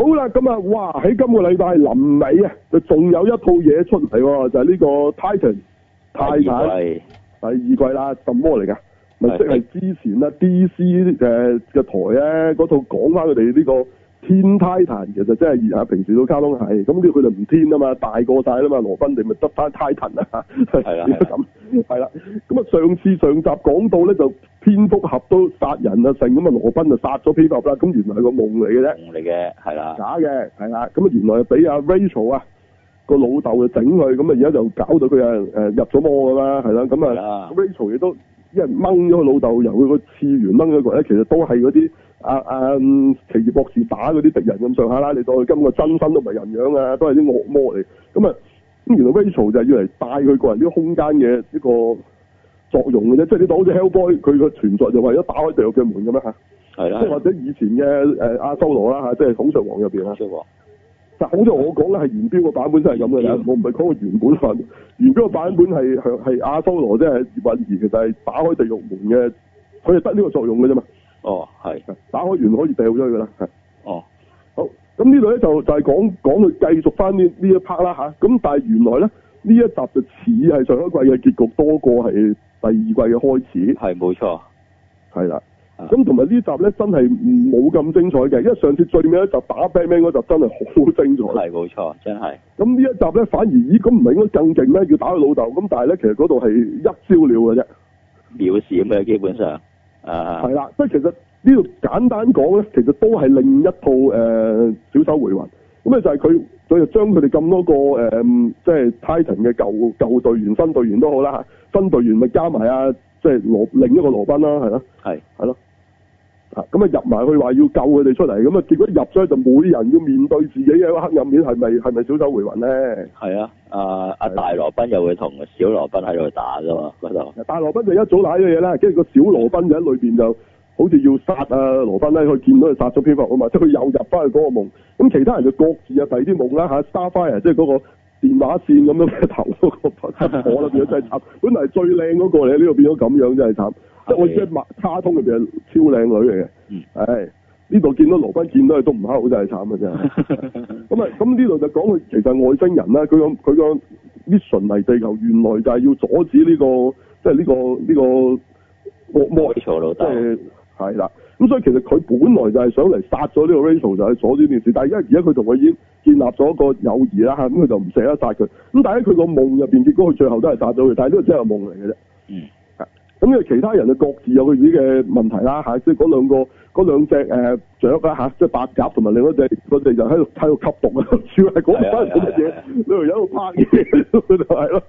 好啦，咁啊，哇！喺今個禮拜臨尾啊，就仲有一套嘢出嚟，就係、是、呢個 Titan，Titan 第二季啦，神魔嚟噶，咪即係之前啦 DC 呢啲誒嘅台咧，嗰套講翻佢哋呢個。天泰坦其實真係熱啊，平時都卡通係，咁啲佢就唔天啊嘛，大過晒啦嘛，羅賓你咪得翻泰坦啊，係啦，咁係啦，咁啊上次上集講到咧就蝙蝠俠都殺人啊，剩咁啊羅賓就殺咗蝙蝠俠啦，咁原來係個夢嚟嘅啫，夢嚟嘅，係啦，假嘅，係啦，咁啊原來啊俾阿 Rachel 啊個老豆就整佢，咁啊而家就搞到佢啊誒入咗魔噶啦，係啦，咁啊 Rachel 亦都因為掹咗個老豆，由佢個次元掹咗個咧，其實都係嗰啲。阿、啊、阿、啊、奇異博士打嗰啲敵人咁上下啦，你佢今個真身都唔係人樣啊，都係啲惡魔嚟。咁啊，咁原來 Rachel 就係要嚟帶佢個人呢個空間嘅一個作用嘅啫，即係你睇好似 Hellboy 佢個存在就為咗打開地獄嘅門咁啦吓。係啦。即係或者以前嘅誒阿修羅啦吓，即係孔雀王入邊啦。孔雀王。好似我講咧係元彪個版本真係咁嘅啦，我唔係講個原本份。元彪個版本係響係阿修羅即係葉蘊儀，其實係打開地獄門嘅，佢係得呢個作用嘅啫嘛。哦，係，打開完可以掉出去噶啦，係。哦，好，咁呢度咧就就係講講佢繼續翻呢呢一 part 啦吓，咁、啊、但係原來咧呢一集就似係上一季嘅結局多過係第二季嘅開始。係冇錯，係啦，咁同埋呢集咧真係冇咁精彩嘅，因為上次最尾一集打啤兵嗰集真係好精彩。係冇錯，真係。咁、嗯、呢一集咧反而咦咁唔係應該更勁咧要打佢老豆，咁但係咧其實嗰度係一招了嘅啫，渺視，咁嘅基本上。啊、uh,，係啦，即係其實呢度簡單講咧，其實都係另一套誒、呃、小丑回魂咁咧，就係佢所以將佢哋咁多個誒即係 Titan 嘅舊舊隊員、新隊員都好啦吓，新隊員咪加埋啊，即、就、係、是、羅另一個羅賓啦，係啦係係咯。咁啊入埋去，話要救佢哋出嚟，咁啊結果入咗去，就每人要面對自己喺個黑暗面係咪係咪小丑回魂咧？係啊！啊啊大羅賓又會同小羅賓喺度打㗎嘛度。大羅賓就羅賓打、啊、羅賓一早瀨咗嘢啦，跟住個小羅賓就喺裏邊就好似要殺啊羅賓咧，佢見到佢殺咗蝙蝠俠嘛，即係佢又入翻去嗰個夢。咁其他人就各自第二啲夢啦吓，Starfire 即係嗰個電話線咁樣嘅頭嗰個火面，變咗真係慘。本來最靚嗰、那個嚟，呢度變咗咁樣真係慘。即係我知喺卡通入邊係超靚女嚟嘅，嗯，呢、哎、度見到羅賓見到佢都唔好，真係慘嘅啫。咁啊、嗯，咁呢度就講佢其實外星人啦，佢個佢個 mission 嚟地球，原來就係要阻止呢、這個，即係呢個呢、這個即係係啦。咁、哦哦哦哦哎、所以其實佢本來就係想嚟殺咗呢個 Rachel，就係阻止呢件事。但係而家而家佢同佢已經建立咗一個友誼啦，吓咁佢就唔捨得殺佢。咁但係喺佢個夢入邊，結果佢最後都係殺咗佢。但係呢個真係夢嚟嘅啫。嗯。咁咧其他人就各自有佢自己嘅問題啦，嚇，即係嗰兩個嗰兩隻誒雀啦，嚇，即係白鴿同埋另一隻嗰隻就喺度喺度吸毒啊，主要係講唔出係乜嘢，嗰條友度拍嘢，佢就係咯。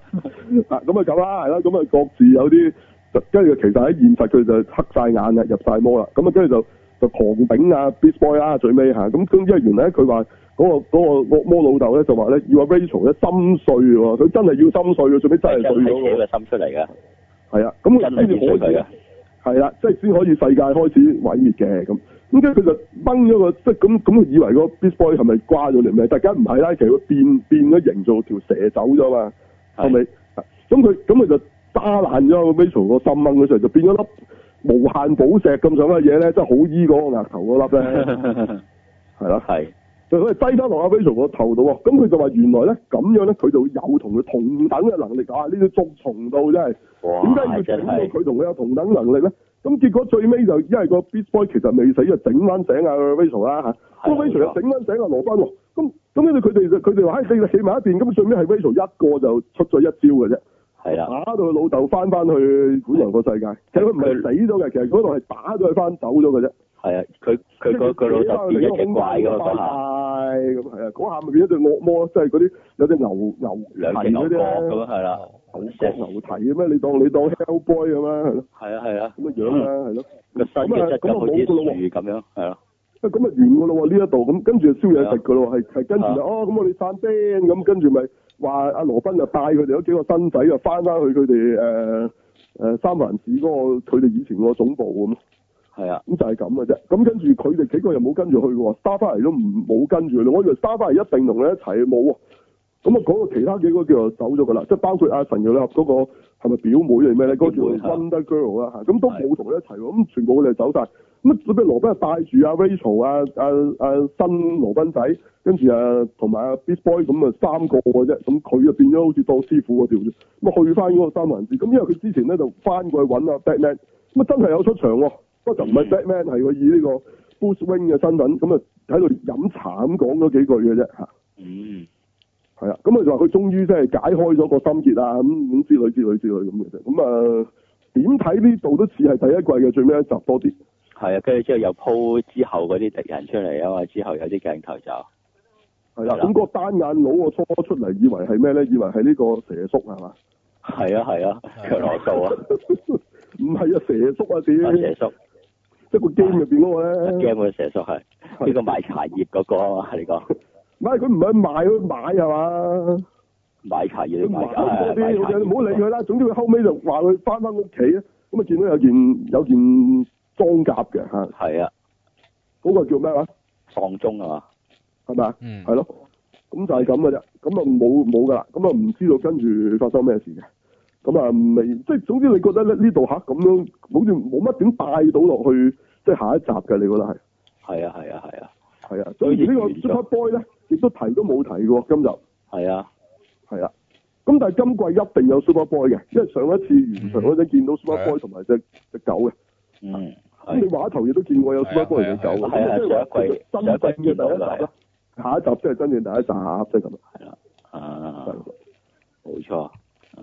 嗱咁啊咁啦，係咯，咁啊各自有啲，跟住其實喺現實佢就黑晒眼啦，入晒魔啦，咁啊跟住就就狂丙啊，biz boy 啊，最尾嚇，咁跟住完咧，佢話嗰個嗰魔、那個那個、老豆咧就話咧阿 r a c h e l i 心碎喎，佢真係要心碎啊，碎最尾真係碎咗喎。即個心出嚟㗎。係啦，咁人先可以啊，係啦，即係先可以世界開始毀滅嘅，咁，咁即佢就掹咗個，即係咁咁，以為個 Beast Boy 係咪掛咗嚟咩？大家唔係啦，其實變變咗形做條蛇走咗嘛，係咪、啊？咁佢咁佢就揸爛咗個 Beast Boy 個心掹咗上，就變咗粒無限寶石咁上乜嘢咧，即係好依嗰個額頭嗰粒咧，係 啦、啊，係、啊。低就佢係擠得 Rachel 從個頭度喎，咁佢就話原來咧咁樣咧，佢就有同佢同等嘅能力啊！呢要捉蟲到真係，點解要整到佢同佢有同等能力咧？咁結果最尾就是，因係個 Big Boy 其實未死就整翻醒阿 Rachel 啦嚇，個 Rachel 又整翻醒阿羅賓喎，咁咁跟住佢哋佢哋話唉死就死埋一邊，咁最尾係 Rachel 一個就出咗一招嘅啫，打到佢老豆翻翻去古人個世界，其實佢唔係死咗嘅，其實嗰度係打咗佢翻走咗嘅啫。係啊，佢佢佢老豆變咗幾怪噶嘛嗰下，咁係啊，嗰下咪變咗對惡魔咯，即係嗰啲有啲牛牛蹄啲咁係啦，有牛蹄嘅咩？你當你當 Hellboy 咁啊，係啊係啊，咁啊，咁、啊啊啊啊、樣，係咯、啊，咁啊完噶呢一度咁，跟住、啊啊啊、就燒嘢食噶咯，係係跟住哦，咁我哋散 band 咁，跟住咪話阿羅賓就帶佢哋嗰幾個新仔啊，翻返去佢哋誒誒三藩市、嗰個佢哋以前個總部咁。係啊，咁就係咁嘅啫。咁跟住佢哋幾個又冇跟住去喎，沙巴嚟都唔冇跟住咯。我以為沙巴嚟一定同你一齊啊，冇咁啊。嗰、那個其他幾個叫做走咗嘅啦，即係包括阿神嘅啦、那個，嗰個係咪表妹定咩咧？嗰條 Wonder Girl 啦、啊、嚇，咁、啊、都冇同佢一齊喎。咁全部佢哋走晒。咁啊？做咩羅賓帶住阿 Rachel 啊阿啊，啊新羅賓仔，跟住啊同埋阿 Big Boy 咁啊三個嘅啫。咁佢就變咗好似當師傅嗰條咁去翻嗰個三環節。咁因為佢之前咧就翻過去揾阿 Batman，咁啊真係有出場喎。嗯、不過就唔係 Batman，係佢以呢個 Bruce Wayne 嘅身份，咁啊喺度飲茶咁講咗幾句嘅啫吓。嗯，係啦。咁佢就話佢終於即係解開咗個心結啦，咁咁之類之類之類咁嘅啫。咁啊，點睇呢度都似係第一季嘅最尾一集多啲。係啊，跟住之後又鋪之後嗰啲敵人出嚟，啊嘛，之後有啲鏡頭就係啦。咁、個單眼佬啊，初出嚟，以為係咩咧？以為係呢個蛇叔係嘛？係啊係啊，強羅素啊！唔係啊，蛇叔啊，點？蛇叔。即係個 game 入邊嗰個咧，game 佢寫叔係呢、那個賣茶葉嗰、那個啊 你講說，唔係佢唔係去買去買係嘛，賣茶葉你買假啊，唔好理佢啦、啊啊。總之佢後尾就話佢翻翻屋企啊，咁啊見到有件有件裝甲嘅吓，係啊，嗰個叫咩話？喪鐘啊嘛，係咪啊？囉。係咯，咁就係咁嘅啫，咁啊冇冇噶啦，咁啊唔知道跟住發生咩事嘅。咁啊，唔係即係，總之你覺得咧呢度吓咁樣，好似冇乜點帶到落去，即係下一集嘅？你覺得係？係啊，係啊，係啊，係啊。所以呢個 Super Boy 咧，亦都提都冇提過，今日。係啊，係啊。咁但係今季一定有 Super Boy 嘅，因為上一次完場嗰陣見到 Super Boy 同埋隻只狗嘅。咁你話頭亦都見過有 Super Boy 嘅隻狗嘅，即係話新嘅第一集啦。下一集即係真正第一集，下，即係咁啊。係啦。啊。冇錯。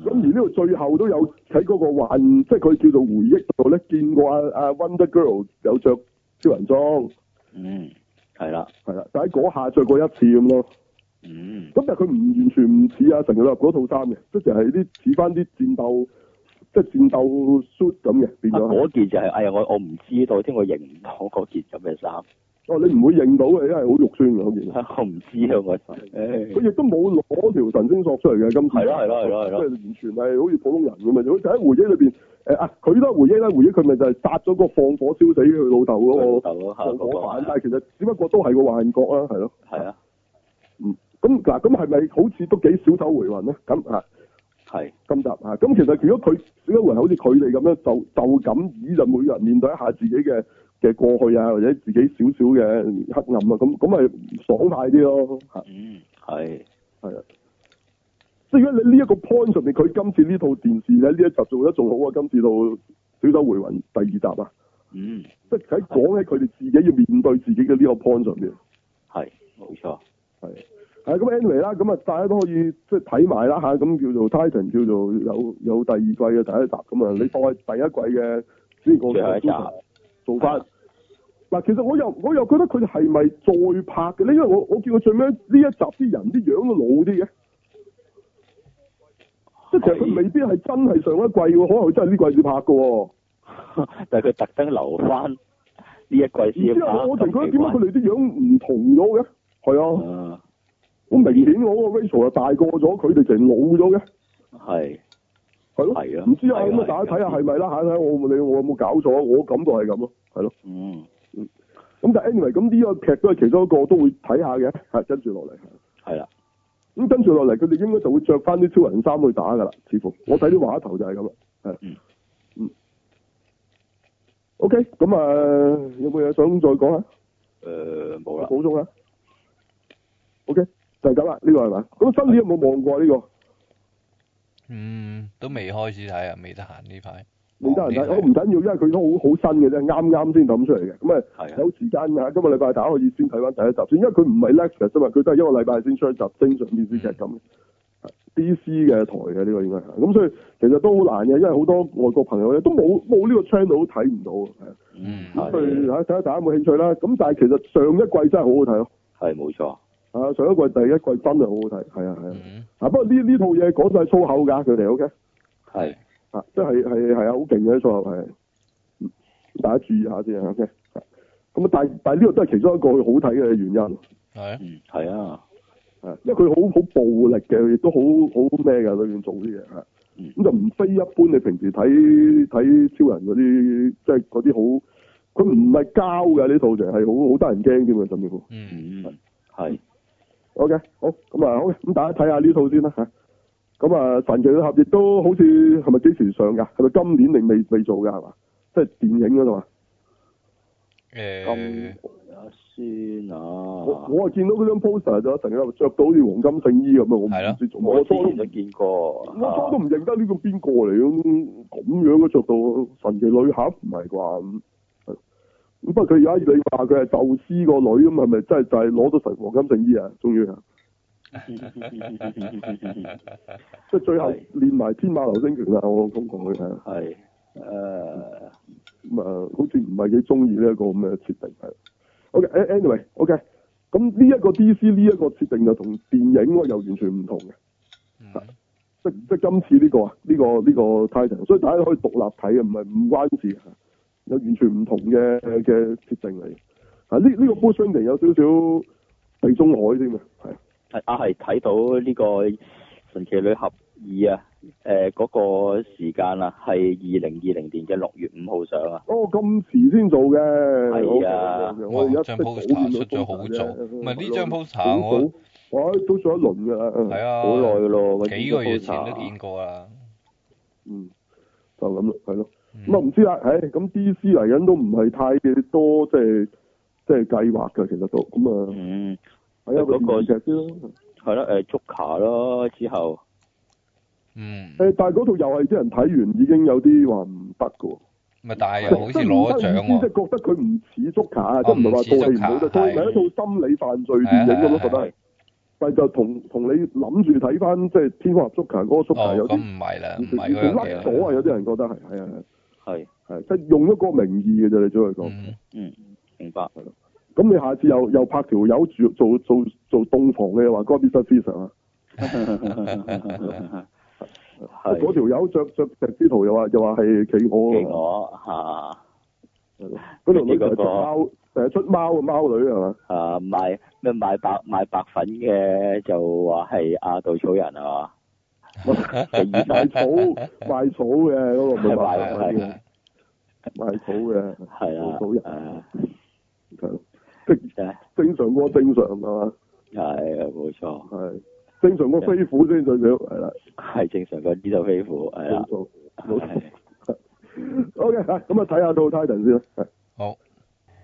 咁、嗯、而呢度最後都有喺嗰個環，即係佢叫做回憶度咧，見過阿、啊、阿、啊、Wonder Girl 有着超人裝。嗯，係啦，係啦，就喺嗰下着過一次咁咯。嗯，咁但係佢唔完全唔似阿成日嗰套衫嘅，即係啲似翻啲戰鬥，即係戰鬥 suit 咁嘅變咗。嗰、啊、件就係、是、哎呀，我我唔知道添，我認唔到嗰件咁嘅衫。哦，你唔會認到嘅，真係好肉酸嘅，好似。我唔知啊，佢亦都冇攞條神經索出嚟嘅，今次。係咯，係咯，係咯，係咯。完全係好似普通人咁啊！就喺、是、回憶裏邊，誒、呃、啊，佢都係回憶啦，回憶佢咪就係殺咗個放火燒死佢老豆嗰個。老豆放火犯，但係其實只不過都係個幻覺啊，係咯。係啊。嗯，咁嗱，咁係咪好似都幾小丑回魂咧？咁啊。係。今集啊，咁其實如果佢，小丑回魂好似佢哋咁樣就就咁以任每個人面對一下自己嘅？嘅過去啊，或者自己少少嘅黑暗啊，咁咁咪爽快啲咯。嗯，係，係啊。即係如果你呢一個 point 上面，佢今次呢套電視呢，呢一集做得仲好啊。今次到《小丑回魂》第二集啊。嗯。即係喺講喺佢哋自己要面對自己嘅呢個 point 上邊。係，冇錯，係。係咁 anyway 啦。咁啊，大家都可以即係睇埋啦吓，咁、啊、叫做 Titan 叫做有有第二季嘅第一集咁啊、嗯。你放喺第一季嘅呢個。第二集。做法嗱，其實我又我又覺得佢哋係咪再拍嘅咧？因為我我見佢最尾呢一集啲人啲樣都老啲嘅，即係其實佢未必係真係上一季，可能佢真係呢季先拍嘅。但係佢特登留翻呢一季先。唔知我，我覺得佢佢同佢點解佢哋啲樣唔同咗嘅？係啊，好明顯我個 Rachel 又大個咗，佢哋就老咗嘅。係。係咯，唔知啊咁啊，大家睇下係咪啦吓，睇我你我有冇搞錯啊？我感覺係咁咯，係咯。嗯咁但 Anyway，咁呢個劇都係其中一個都會睇下嘅，吓跟住落嚟。係啦。咁跟住落嚟，佢哋應該就會着翻啲超人衫去打噶啦，似乎我睇啲話頭就係咁啊。係。嗯。嗯。OK，咁啊，有冇嘢想再講啊？誒、呃，冇啦。補充啊。O、okay, K，就係咁啦，呢、這個係咪？咁、嗯、新年有冇望過呢、嗯這個？嗯，都未開始睇啊，未得閒呢排。未得閒睇，我唔緊要，因為佢都好好新嘅啫，啱啱先搵出嚟嘅。咁啊，有時間啊，今個禮拜打開以先睇翻第一集先，因為佢唔係 lecture 啫嘛，佢都係一個禮拜先出一集。經常電視劇咁，D C 嘅台嘅呢、這個應該係。咁所以其實都好難嘅，因為好多外國朋友咧都冇冇呢個 channel 都睇唔到。係、嗯、啊，咁睇下大家有冇興趣啦。咁但係其實上一季真係好好睇咯。係，冇錯。啊！上一季第一季真係好好睇，係啊係啊。係啊，mm -hmm. 啊不過，呢呢套嘢講晒粗口㗎，佢哋 OK。係、okay? mm -hmm. 啊，即係係係啊，好勁嘅啲粗口係。大家注意下先，嚇先。咁啊，但但呢個都係其中一個好睇嘅原因。係、mm -hmm. 啊。嗯，係啊。因為佢好好暴力嘅，亦都好好咩㗎裏面做啲嘢咁就唔非一般你平時睇睇超人嗰啲，即係嗰啲好，佢唔係膠㗎。呢套就係好好得人驚添咁樣。嗯嗯。好嘅，好，咁啊，好、okay, 咁大家睇下呢套先啦吓。咁啊，神奇女俠亦都好似係咪幾時上㗎？係咪今年定未未做㗎？係嘛？即係電影嗰度啊？誒，咁、欸嗯、先啊我。我我係見到嗰張 poster 就神奇女俠著到好似黃金聖衣咁啊！我唔知做。我初都未見過。我初都唔、啊、認得呢個邊個嚟咁咁樣嘅着到神奇女俠唔係啩？咁不過佢而家你話佢係宙斯個女咁，係咪真係就係攞到成黃金聖衣啊？終於啊！ 即係最後練埋天馬流星拳啊！我公公佢係，係誒咁啊，好似唔係幾中意呢一個嘅設定。OK，anyway，okay，咁呢一個 DC 呢一個設定就同電影又完全唔同嘅， 即即今次呢個呢個呢個 Titan，所以大家可以獨立睇嘅，唔係唔關事。有完全唔同嘅嘅設定嚟，啊呢呢個 boxing 嚟有少少地中海添啊，係，係啊係睇到呢個神奇女俠二啊，誒嗰個時間啊，係二零二零年嘅六月五號上啊，哦咁遲先做嘅，係啊，我而家出好出咗好早，唔係呢張 poster 我我都出咗一輪㗎啦，係啊，好耐㗎咯，幾個月前都見過啦，嗯，就咁啊，係咯。咁啊唔知啦，咁 D C 嚟緊都唔係太，太多，即係即係計劃嘅，其實都咁啊，係一部電視劇啫，係咯，誒，捉卡咯之後，嗯，誒，但係嗰套又係啲人睇完已經有啲話唔得嘅喎，咪但係即係攞獎喎，即係覺得佢唔似捉卡啊，即唔係話捉係一套心理犯罪電影咁咯，覺得，但係就同同你諗住睇翻即係《天空俠捉卡》嗰個捉卡有啲唔係啦，甩咗啊，有啲、那個、人覺得係係啊。係係，即係用一個名義嘅啫，你只可以講。嗯，明白。咁你下次又又拍條友住做做做洞房嘅話，get、那個、s、 那個、啊？嗰條友着着石子圖又話又話係企鵝。吓、那個？嗰條女係出貓誒，出貓嘅貓女係嘛？啊，賣咩賣白賣白粉嘅就話係阿稻草人啊。喂， 第、嗰個、草賣草嘅嗰度咪賣賣草嘅係啊，好人啊，正常正常，正常過正常係嘛？係啊，冇錯係，正常過飛虎先最少係啦，係正常嘅。呢套飛虎係、 okay, 啊，冇錯冇錯，好咁啊，睇下套 Titan 先啦，好，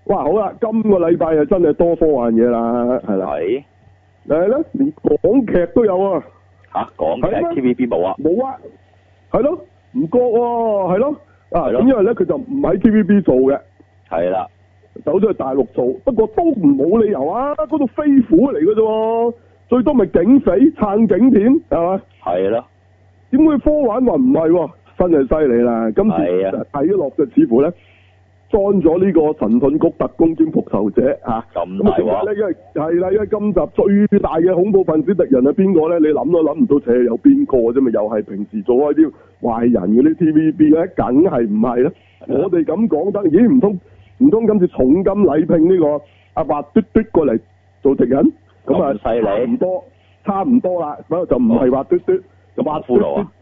哇好啦、啊，今個禮拜就真係多科幻嘢啦，係啦，嚟啦，連港劇都有啊！啊講嘅 T V B 冇啊，冇啊，係咯、啊，唔覺喎、啊，係咯，啊，咁因為咧佢就唔喺 T V B 做嘅，係啦，走咗去大陸做，不過都唔冇理由啊，嗰度飛虎嚟嘅啫，最多咪警匪撐警片，係嘛，係啦，點會科玩話唔係，真係犀利啦，今次睇咗落就似乎咧。當咗呢個神盾局特工兼復仇者吓，咁係喎，因為係啦，因為今集最大嘅恐怖分子敵人係邊個咧？你諗都諗唔到，斜有邊個啫嘛？又係平時做開啲壞人嗰啲 TVB 嘅，梗係唔係啦。我哋咁講得，咦？唔通唔通今次重金禮聘呢個阿華、啊、嘟、嘟嘟過嚟做敵人？咁啊，差唔多，差唔多啦，哦、不過就唔係華嘟嘟，就蛙褲啊，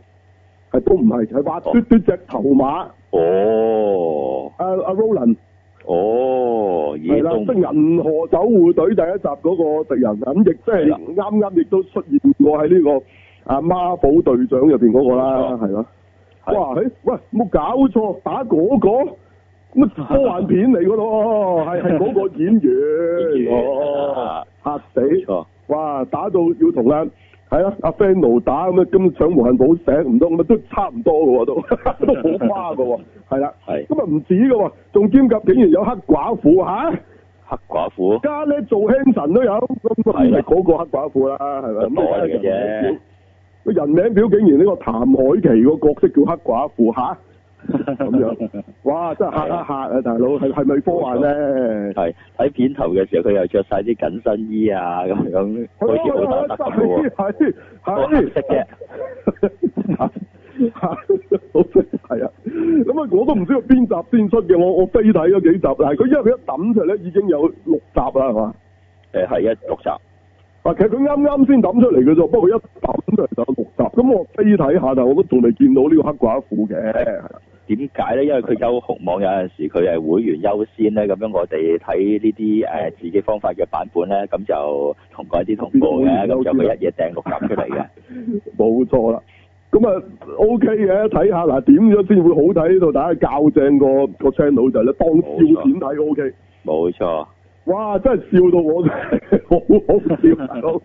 係都唔係，就係華嘟嘟隻頭馬。哦哦，阿、啊、阿、啊、Roland 哦，係啦，即銀河守護隊第一集嗰個敵人，咁亦都係啱啱亦都出現過喺呢、這個阿孖寶隊長入邊嗰個啦，係、哦、咯。哇，欸、喂，冇搞錯，打嗰、那個，咩科幻片嚟噶咯，係係嗰個演員，吓、 哦、死，哇，打到要同啦係啊，阿 Fenno 打咁啊，咁搶無限寶石唔到，咁啊都差唔多噶喎，都 都好花噶喎，係啦，咁啊唔止噶喎，仲兼夾竟然有黑寡婦吓、啊？黑寡婦，家咧做 Hanson 臣都有，咁都唔係嗰個黑寡婦啦，係咪啊？咁多嘅啫，個人名表竟然呢個譚凱琪個角色叫黑寡婦吓？啊咁 樣，哇！真係吓一吓啊！大佬係，係咪科幻咧？係喺片頭嘅時候，佢又着晒啲緊身衣啊，咁樣佢叫佢打特工喎。係，好識嘅。吓係啊！咁啊，啊，啊，啊，啊，啊，啊，啊，啊，啊，我都唔知邊集先出嘅。我我飛睇咗幾集，但係佢因為佢一抌出咧已經有六集啦，係嘛？誒、啊，係啊，六集。其實佢啱啱先抌出嚟嘅啫，不過佢一抌出嚟就有六集。咁我飛睇下，但我都仲未見到呢個黑寡婦嘅，點解咧？因為佢有酷網有陣時佢係會員優先咧，咁樣我哋睇呢啲自己方法嘅版本咧，咁就同嗰啲同步。就有個有乜一嘢掟落咁出嚟嘅？冇錯啦。咁啊 OK 嘅，睇下嗱點樣先會好睇呢度，等下校正個個 channel 就係咧當笑片睇 OK。冇錯。哇！真係笑到我笑好好笑的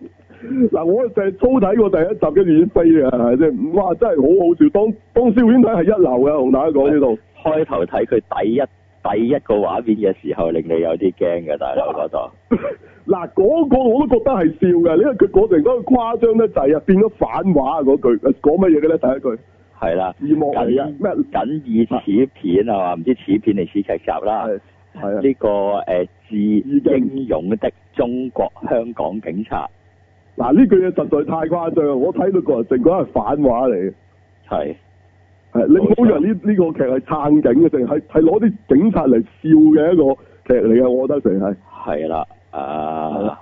嗱，我淨係粗睇過第一集嘅電影飛啊，係咪哇，真係好好笑，當當笑片睇係一流嘅。同大家講呢度，開頭睇佢第一第一個畫面嘅時候，令你有啲驚嘅，大、啊、佬、啊嗰度、覺得？嗱，嗰個我都覺得係笑嘅，因為佢嗰陣講誇張得滯啊，變咗反話嗰句，講乜嘢嘅咧？第一句係啦、啊，謹咩？謹以此片啊，嘛？唔知此片定此劇集啦。係啊，呢、啊呢個誒至、呃、英勇的中國香港警察。嗱、啊、呢句嘢實在太誇張，我睇到個人成個係反話嚟嘅。係你估人呢呢個劇係撐警嘅，成係攞啲警察嚟笑嘅一個劇嚟嘅，我覺得成係。係啦，啊！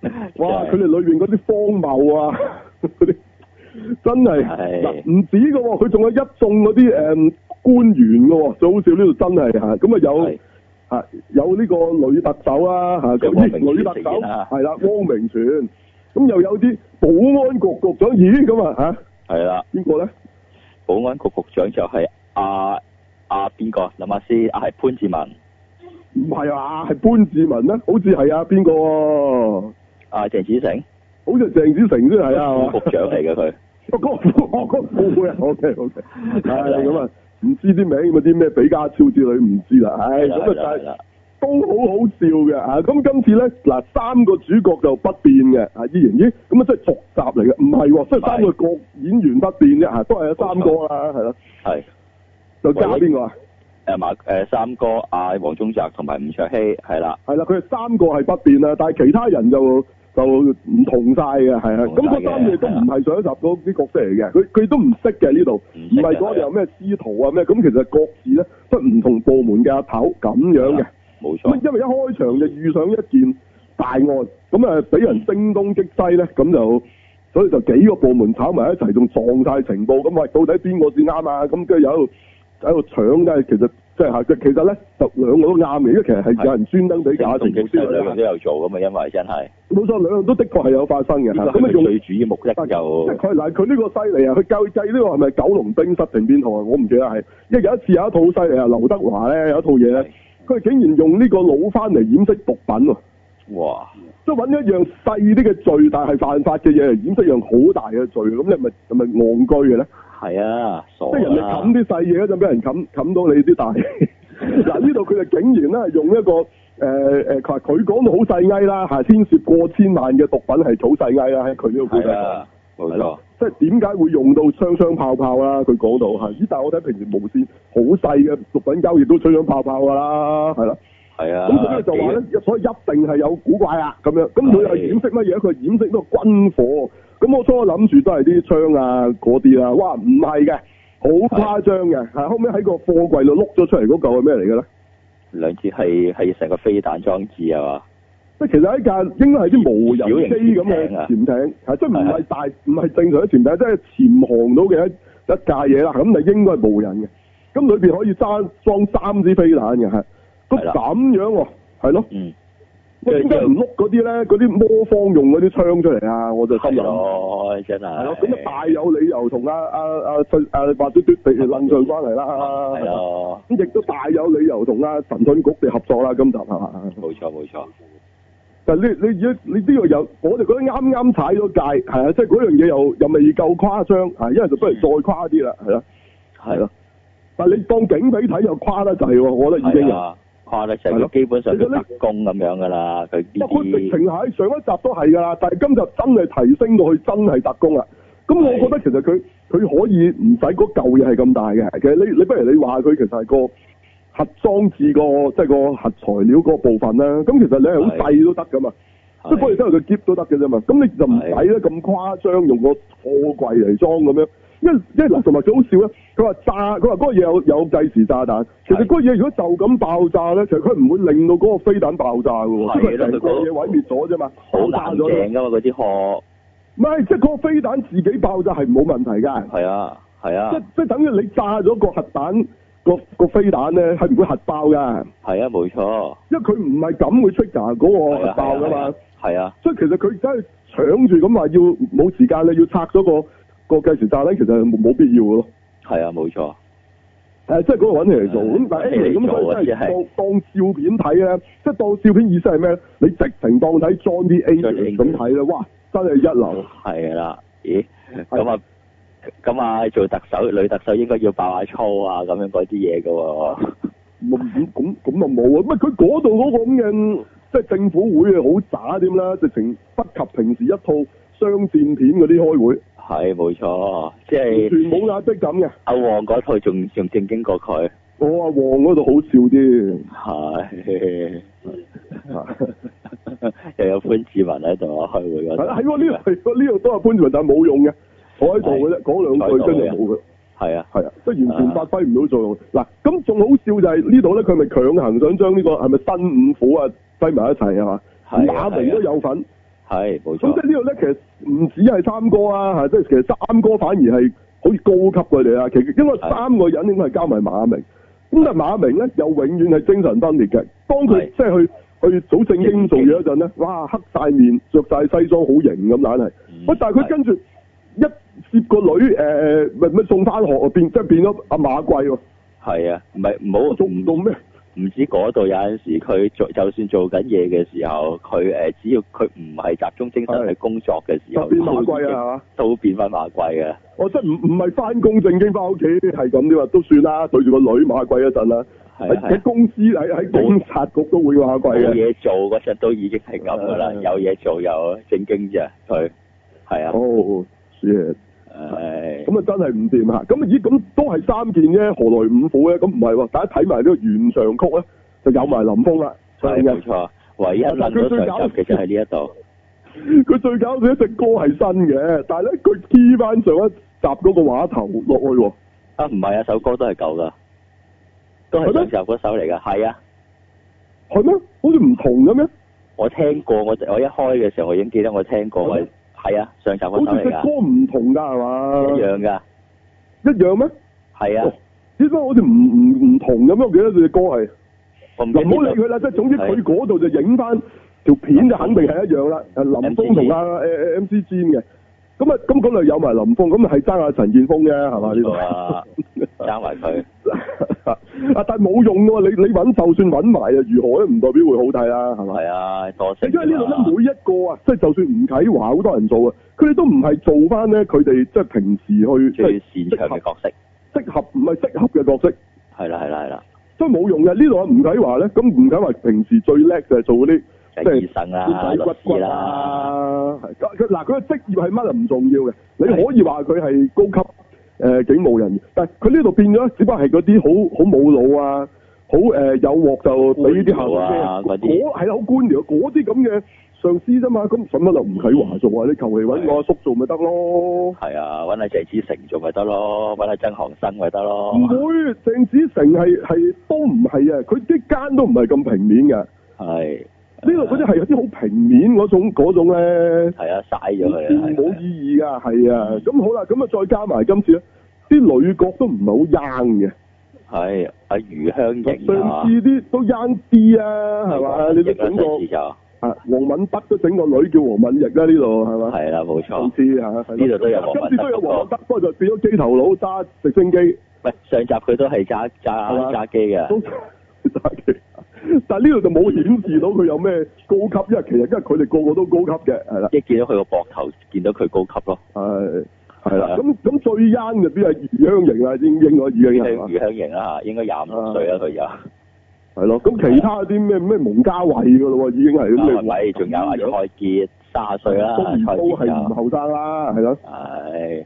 就是、哇！佢哋裏邊嗰啲荒謬啊，嗰啲 真係嗱，唔止㗎喎，佢仲有一眾嗰啲誒官員㗎喎，最好笑呢度真係咁啊，有有呢個女特首啊嚇，女特首係啦、啊，汪明荃。咁又有啲保安局局長咦咁啊吓？係啦，邊個咧？保安局局長就係阿阿邊個？諗下先，係潘志文？唔係啊，係潘志文啦，好似係阿邊個？阿鄭、啊啊、子成？好似鄭子成先係啊？係局長嚟嘅佢。哦，我我我冇嘅，O K O K。係咁啊，唔知啲名，咁啊啲咩比嘉超之類唔知啦。係咁啊，係啊係啊係啊係啊都好好笑嘅咁、啊、今次咧，嗱三個主角就不變嘅啊，依然依咁啊，即係續集嚟嘅，唔係、啊，即係三個角演員不變啫、啊、都係有三個啦，係咯，係、啊啊、就加邊個啊、呃？三哥阿黃宗澤同埋吳卓羲係啦，係啦、啊，佢哋、啊、三個係不變啦，但係其他人就就唔同晒嘅，係啊，咁嗰、那個、三樣都唔係上一集嗰啲角色嚟嘅，佢佢、啊、都唔識嘅呢度，唔係嗰度有咩司徒啊咩咁、啊，其實各自咧都唔同部門嘅阿頭咁樣嘅、啊。冇錯，因為一開場就遇上一件大案，咁誒，俾人聲東擊西咧，咁就所以就幾個部門炒埋一齊，仲撞晒情報，咁喂，到底邊個先啱啊？咁跟住有喺度搶，但係其實即係吓，其實咧就兩個都啱嘅，因為其實係有人專登俾聲東擊西，兩個都有做咁嘛，因為真係冇錯，兩個都的確係有發生嘅。咁啊，最主要目的就佢嗱，佢呢個犀利啊，佢究竟呢個係咪九龍冰室定邊套啊？我唔記得係，因為有一次有一套好犀利啊，劉德華咧有一套嘢咧。佢竟然用呢個老翻嚟掩飾毒品喎！哇！即係揾一樣細啲嘅罪，但係犯法嘅嘢嚟掩飾一樣好大嘅罪，咁你咪咪戇居嘅咧？係啊，傻啦，即係人哋冚啲細嘢，就俾人冚冚到你啲大。嗱，呢度佢就竟然咧用一個誒誒，佢講到好細埃啦，係、呃、牽涉過千萬嘅毒品係草細埃啦，喺佢呢度。估啦、啊，冇錯。即係點解會用到槍槍炮炮啦？佢講到吓，但係我睇平時無綫好細嘅毒品交易都吹槍炮炮噶啦，係啦。係啊。咁所以就話咧，所以一定係有古怪啊，咁樣。咁佢係掩飾乜嘢咧？佢掩飾呢個軍火。咁我初諗住都係啲槍啊，嗰啲啦。哇，唔係嘅，好誇張嘅。吓，後尾喺個貨櫃度碌咗出嚟嗰嚿係咩嚟嘅咧？兩次係係成個飛彈裝置係嘛。即其實一架應該係啲無人機咁嘅潛艇，係即唔係大唔係正常嘅潛艇，係啊、即係潛、啊、潛航到嘅一架嘢啦。咁嚟、啊、應該係無人嘅，咁裏面可以揸裝三支飛彈嘅係。咁咁、啊、樣喎、啊，係咯、啊。嗯不那些。點解唔碌嗰啲咧？嗰啲魔方用嗰啲槍出嚟啊！我就心諗、啊。真係、啊。咯，咁就大有理由同阿阿阿阿白嘟嘟論罪關係啦。係、嗯、咯。咁亦都大有理由同阿、啊、神盾局哋合作啦、啊。今集、啊。係嘛？冇錯，冇錯。你你你你剛剛啊、就你你而家你呢個又，我哋覺得啱啱踩咗界，係啊，即係嗰樣嘢又又未夠誇張，係、啊，因為就不如再誇啲啦，係咯、啊，係咯、啊啊。但係你當警匪睇又誇得滯、就、喎、是，我覺得已經、啊、誇得滯，係咯，基本上特工咁樣㗎啦，佢啲，情喺上一集都係㗎啦，但係今集真係提升到去真係特工啦。咁我覺得其實佢佢、啊、可以唔使嗰嚿嘢係咁大嘅，其實你你不如你話佢其實係個。核裝置個即係個核材料個部分咧，咁其實你係好細都得噶嘛，即係反而真係佢夾都得嘅啫嘛，咁你就唔使咧咁誇張用個貨櫃嚟裝咁樣，因為因為，同埋最好笑咧，佢話炸，佢話嗰個嘢，有有計時炸彈，其實嗰個嘢如果就咁爆炸咧，其實佢唔會令到嗰個飛彈爆炸噶喎，即係成個嘢毀滅咗啫嘛，好乾淨噶嘛嗰啲殼，唔係，即係嗰個飛彈自己爆炸係冇問題噶，係啊係啊，即即係等於你炸咗個核彈。個、嗰個飛彈咧係唔會核爆嘅，係啊，冇錯，因為佢唔係咁會出閘嗰個核爆噶嘛，係啊，啊，啊，啊，啊，所以其實佢真係搶住咁話要冇時間咧，要拆咗、嗰個、嗰個計時炸彈，其實冇冇必要嘅咯，係啊，冇錯，誒、啊，即係嗰個搵嚟做，咁、啊、但係咁、啊、所以真係、就是、當照片睇咧，即係當照片意思係咩你直情當睇裝啲 A P P 咁睇咧，哇，真係一流，係、哦、啦、啊，咦，咁啊。咁啊，做特首女特首應該要爆下、啊、粗啊，咁樣嗰啲嘢噶。咁咁咁啊冇啊，乜佢嗰度嗰個咁樣，即係、就是、政府會啊好渣添啦，直情不及平時一套商戰片嗰啲開會。係冇錯，即係完全冇壓迫感嘅。阿黃嗰套仲仲正經過佢。我阿黃嗰度好笑啲。係。又有潘志文喺度啊！開會嗰度係喎，呢度係呢度都係潘志文，但係冇用嘅。我喺度嘅啫，講兩句真係冇嘅。係啊，係啊，即係完全發揮唔到作用。嗱、啊，咁仲、啊啊啊、好笑就係呢度咧，佢咪、啊、強行想將呢、呢個係咪新五虎啊擠埋一齊啊嘛、啊？馬明都有份，係冇錯。咁即係呢度咧、啊，其實唔止係三哥啊，即係、啊、其實三哥反而係好似高級佢哋啊。其實應該三個人應該係加埋馬明。咁、啊、但係馬明咧又永遠係精神分裂嘅。當佢、啊、即係去、啊、去做正經做嘢嗰陣咧，哇黑晒面，着晒西裝，好型咁，硬係。喂，但係佢、啊、跟住。接個女誒，咪、呃、送翻河入即係變咗阿馬貴喎。係啊，唔係唔好做唔到咩？唔知嗰度有陣時佢做，就算做緊嘢嘅時候，佢誒，只要佢唔係集中精神喺、啊、工作嘅時候，變馬貴啊。係嘛、哦，都會變翻馬貴嘅。真係唔唔係翻工正經翻屋企係咁，你話都算啦。對住個女馬貴一陣啦，喺、啊啊、公司喺喺警察局都會馬貴嘅。有嘢做嗰陣都已經係咁噶啦，有嘢做又正經住佢，係啊。哦，好係，咁啊真係唔掂吓，咁咦咁都係三件啫，何來五虎咧？咁唔係喎，大家睇埋呢個原唱曲咧，就有埋林峰啦。係冇錯，唯一問咗上集嘅就喺呢一度。佢最搞笑，搞笑一隻歌係新嘅，但係咧佢 key 翻上一集嗰個畫頭落去喎。啊，唔係啊，首歌都係舊噶，都係上集嗰首嚟噶，係啊，係咩？好似唔同嘅咩？我聽過，我我一開嘅時候我已經記得我聽過。係啊，上集好似歌唔同噶，係嘛？一樣噶，一樣咩？係啊，點、哦、解好似唔唔唔同咁樣？我記得佢哋歌係，嗱唔好理佢啦。即係總之佢嗰度就影翻條片就、嗯、肯定係一樣啦、嗯。林峰同阿誒誒 M C J 嘅，咁、嗯、啊咁咁啊有埋林峰，咁係爭阿陳建峰嘅係嘛？呢個啊爭埋佢。嗯啊啊！但係冇用喎，你你揾就算揾埋啊，如何咧？唔代表會好睇啦，係咪？係啊，多色、啊啊。因為呢度咧，每一個啊，即係就算吳啟華好多人做啊，佢哋都唔係做翻咧，佢哋即係平時去最擅長嘅角色，適合唔係適合嘅角色。係啦，係啦，係啦，都冇用嘅。呢度啊，吳啟華咧，咁吳啟華平時最叻就係做嗰啲即係醫生啊、打骨骨啦。嗱，佢嘅職業係乜啊？唔、啊啊、重要嘅、啊，你可以話佢係高級。誒警務人員，但係佢呢度變咗，只不過係嗰啲好好冇腦啊，好誒有鑊就俾呢啲客。生啲、啊，我係好官僚，嗰啲咁嘅上司啫嘛，咁使乜就吳啟華做啊？嗯、你求其揾我阿叔做咪得咯？係啊，揾阿鄭子誠做咪得咯，揾阿曾航生咪得咯。唔會，鄭子誠係係都唔係啊，佢啲間都唔係咁平面嘅。係。呢度嗰啲係有啲好平面嗰種嗰種咧，係啊曬咗佢，冇意義噶，係啊。咁、啊啊嗯、好啦，咁啊再加埋今次啊，啲女角都唔係好癲嘅。係阿余香凝上次啲都癲啲啊，係嘛？你都整個啊，王敏德都整個女叫王敏奕啦，呢度係嘛？係啦，冇、啊、錯。上次嚇，呢度都有王敏德。都有王敏德，不過就變咗機頭佬揸直升機。喂，上集佢都係揸揸揸機嘅。但係呢度就冇顯示到佢有咩高級，因為其實因為佢哋個個都高級嘅，係啦。一見到佢個膊頭，見到佢高級咯。係係啦。咁咁最 young 係余香凝啦，應應該余香凝。余香凝啦嚇，應該廿五歲啦佢有。係咯，咁其他啲咩咩蒙嘉慧㗎咯喎，已經係。蒙嘉慧仲有蔡潔，卅歲啦，都唔都係唔後生啦，係、啊、咯。係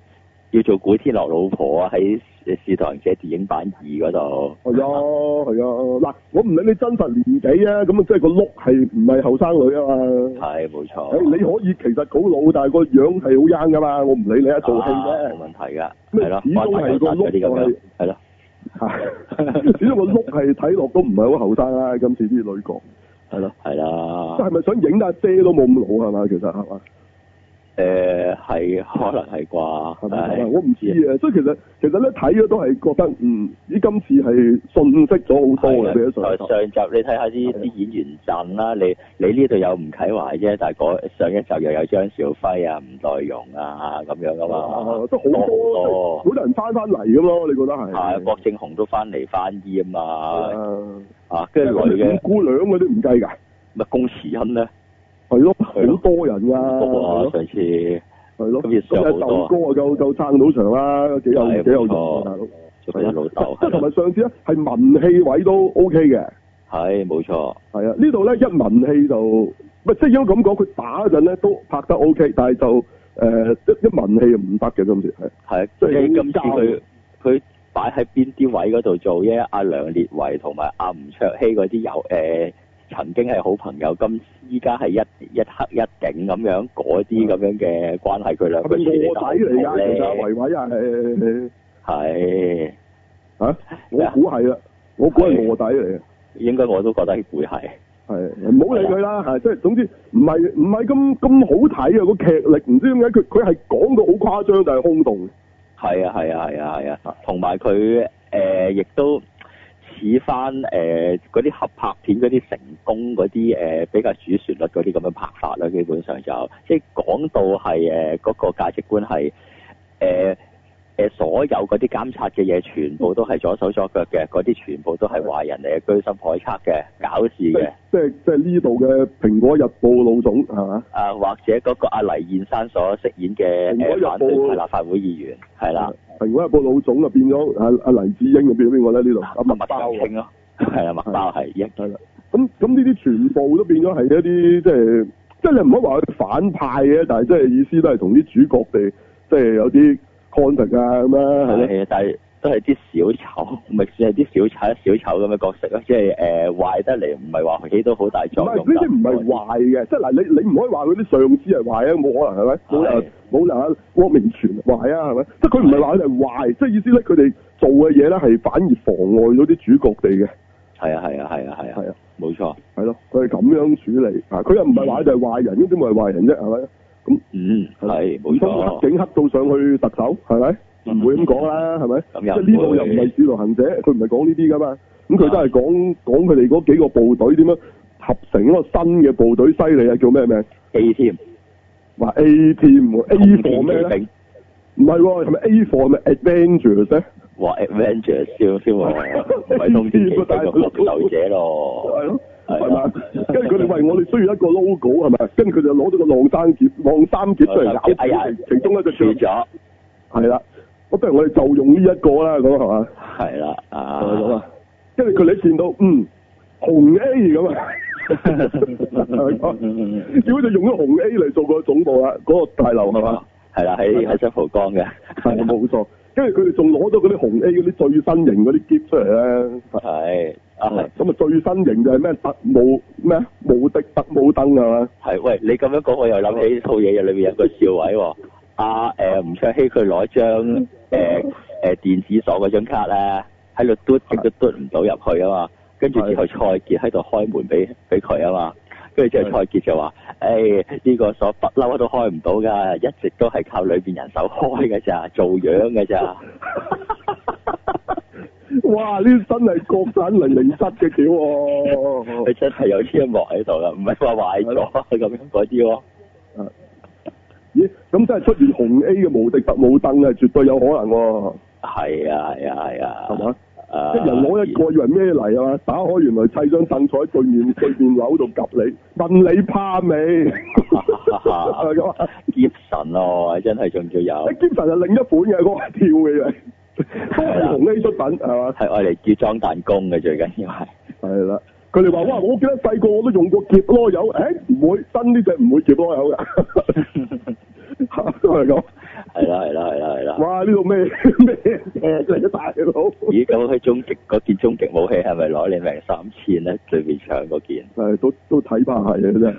要做古天樂老婆啊，喺。即係《使徒行者》電影版二嗰度，係、哎、啊，係啊，嗱，我唔理你真實年紀啊，咁即係個碌係唔係後生女啊嘛，係冇錯。你可以其實好老，但係個樣係好啱㗎噶嘛，我唔理你一做戲啫，冇、啊、問題㗎，係咯。始終係個碌就係，係咯，係，始 終個碌係睇落都唔係好後生啦。今次啲女角，係咯，係啦。即係咪想影下姐都冇咁老係嘛？其實係嘛？嗯係可能係啩，係咪、 哎、我唔知啊，所以其實其實咧睇咗都係覺得嗯，咦，今次係信息咗好多嘅。啊、上、就係、上集你睇下啲啲演員陣啦、啊，你你呢度有吳啟華啫，但係上一集又有張兆輝啊、吳岱融啊咁樣噶嘛，啊、都多多多好多好多人翻翻嚟咁咯。你覺得係啊？郭正雄都翻嚟翻煙啊，啊跟住女嘅姑娘嗰啲唔計㗎，咪、嗯，龔慈恩咧係咯，好、啊、多人㗎、啊啊啊啊啊。上次。係咯，咁又歌啊，夠撐到場啦，幾有幾有一路即係同埋上次咧，係文戲位都 O K 嘅，係冇錯。係啊，呢度咧一文戲就唔即係如果咁講，佢打嗰陣咧都拍得 O、OK, K，但係就誒一、呃、一文戲就唔得嘅。今時係係即係今次佢佢擺喺邊啲位嗰度做啫？阿梁烈唯同埋阿吳卓羲嗰啲有誒。呃曾經係好朋友，今依家係一一黑一頂咁樣嗰啲咁樣嘅關係，佢兩個係咪臥底嚟㗎，維維啊，係係 啊，我估係啦，我估係臥底嚟嘅，應該我都覺得會係係，唔好理佢啦，係、即係、啊、總之唔係唔係咁咁好睇啊！個劇力唔知點解佢佢係講到好誇張，但係空洞，係啊係啊係啊係啊，同埋佢誒亦都。以翻誒嗰啲合拍片嗰啲成功嗰啲誒比較主旋律嗰啲咁樣拍法啦，基本上就即係講到係誒嗰個價值觀，係、呃、誒。誒所有嗰啲監察嘅嘢，全部都係左手左腳嘅，嗰啲全部都係壞人嚟嘅，居心叵測嘅，搞事嘅。即即係呢度嘅《蘋果日報》老總係嘛？啊或者嗰個阿黎燕山所飾演嘅反派立法會議員係啦，《蘋果日報》老總就變咗阿阿黎智英，就變咗邊個咧？呢度阿麥包啊，係啊包啦。咁咁呢啲全部都變咗係一啲即係即係你唔好話佢反派嘅，但係即係意思都係同啲主角哋即係有啲。幹部啊咁啦，係咪？係啊，是是是，但係都係啲小丑，咪算係啲小丑，小丑咁嘅角色咯。即係誒、呃、壞得嚟，唔係話起都好大作用。唔係呢啲唔係壞嘅，即係嗱，你你唔可以話佢啲上司係壞，是是是啊，冇可能係咪？冇人冇人郭明全壞啊，係咪？即係佢唔係話佢哋係壞，即係意思咧，佢哋做嘅嘢咧係反而妨礙咗啲主角哋嘅。係啊，係啊，係啊，係啊，係啊，冇錯。係咯，佢係咁樣處理啊！佢又唔係話佢就係壞人，點解咪壞人啫？係咪？咁嗯係，黑警黑到上去特首，係咪？唔、嗯、會咁講啦，係咪？即係呢度又唔係使徒行者，佢唔係講呢啲噶嘛。咁佢都係講講佢哋嗰幾個部隊點樣合成一個新嘅部隊犀利啊？叫咩名？A Team。話 A Team，A for 咩？唔係，係咪 A for 咩？Avengers 咧？話、嗯、Avengers，笑消亡，鬼東西，使徒行者咯。係嘛？跟住佢哋話我哋需要一個 logo 係咪？跟住佢就攞咗個晾衫結、晾衫結出嚟，搞、哎、其中一就折咗。係啦，咁不如我哋就用呢一個啦，咁係嘛？係啦，啊，咁啊，跟住佢哋見到嗯紅 A 咁啊，嗯嗯嗯，結 果就用咗紅 A 嚟做個總部啦，嗰、嗰個大樓啊嘛，係啦，喺喺新蒲崗嘅，冇錯。跟住佢哋仲攞咗嗰啲紅 A 嗰啲最新型嗰啲 G 出嚟咧，係。咁啊是最新型嘅係咩特務什麼無咩無敵特務燈啊嘛？係喂，你咁樣講我又諗起套嘢入裏面有一個笑位喎。阿誒吳卓羲，佢攞張誒誒電子鎖嗰張卡咧，喺度嘟都嘟唔到入去啊嘛，跟住之後蔡潔喺度開門俾俾佢啊嘛，跟住之後蔡潔就話誒呢個鎖不嬲都開唔到噶，一直都係靠裏邊人手開噶咋， 做樣噶咋。 哇！呢真係國產零零七嘅屌，你 真係有啲音樂喺度啦，唔係話壞咗咁樣嗰啲喎。咦、啊？咁、欸、真係出現紅 A 嘅無敵特務凳啊，絕對有可能的。係啊，係啊，係啊。係嘛、啊？即、啊啊、一人攞一個以為咩嚟啊？打開，原來砌張凳坐喺對面對 面樓度夾你，問你怕未？劍神哦，真係仲叫有。誒，神係另一本嘅，嗰個跳嘅。 都係同呢出品係嘛？係愛嚟叫裝彈弓嘅，最緊要係係啦，佢哋話：「哇！我記得細個我都用過夾螺友。欸」誒，唔會真呢隻唔會夾螺友噶。 係啦係啦係啦係啦！哇呢套咩咩劇嚟大佬？咦咁佢終極嗰件終極武器係咪攞你命三千咧？最邊唱嗰件？誒都都睇怕嘅真的，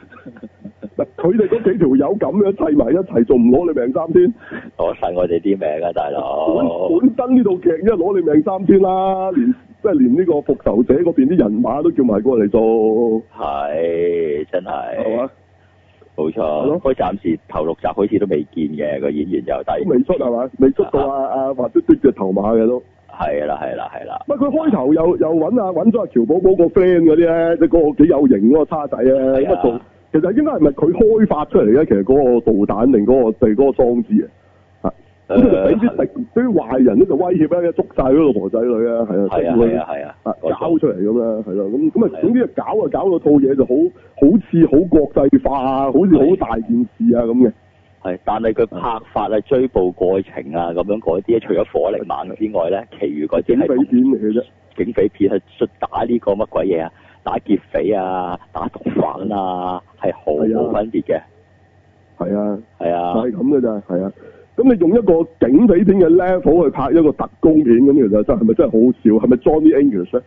嗱佢哋嗰幾條友咁樣砌埋一齊，仲唔攞你命三千？攞晒我哋啲命㗎大佬！本身呢套劇一攞你命三千啦、啊，連即係連呢個復仇者嗰邊啲人馬都叫埋過嚟做。係真係。好啊。冇錯，開暫時頭六集開始都未見嘅個演員又低未出係嘛？未出到啊、uh -huh. 啊！黃多多嘅頭馬嘅都，係啦係啦係啦。唔佢開頭又又揾啊揾咗阿喬寶寶個 friend 嗰啲咧，即係嗰個幾有型嗰個叉仔啊，啊做？其實應該係咪佢開發出嚟嘅？其實嗰個導彈定嗰、嗰個定嗰、就是、個裝置啊？咁俾啲敵，啊、壞人咧就威脅咧，捉晒嗰老婆仔女啊，係啊，啊，啊，佢、那、啊、個，搞出嚟咁啦，係咯，咁咁啊，總之啊，搞啊，搞到套嘢就好，好似好國際化啊，好似好大件事啊咁嘅。係、啊，但係佢拍法啊，追捕過程啊，咁樣嗰啲除咗火力猛之外咧，其餘嗰啲警匪片警匪片係出打呢個乜鬼嘢啊？打劫匪啊，打毒販啊，係好冇分別嘅。係啊，係啊。係咁嘅咋？係啊。咁你用一個警匪片嘅 level 去拍一個特工片咁，其實是是真係咪真係好笑？係咪 Johnny English 咧？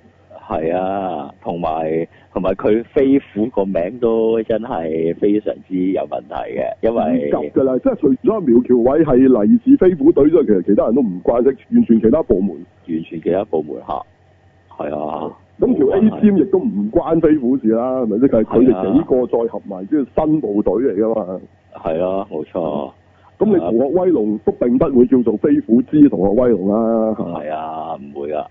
係啊，同埋同埋佢飛虎個名都真係非常之有問題嘅，因為咁噶啦，即係除咗苗僑偉係嚟自飛虎隊之外，其實其他人都唔怪即完全其他部門，完全其他部門吓，係啊，咁條 A team 亦都唔關飛虎事啦，咪即係佢哋幾個再合埋即係新部隊嚟噶嘛？係啊，冇錯。咁你《同學威龍》都並不會叫做飛虎之《同學威龍》啦，係啊，唔會啊，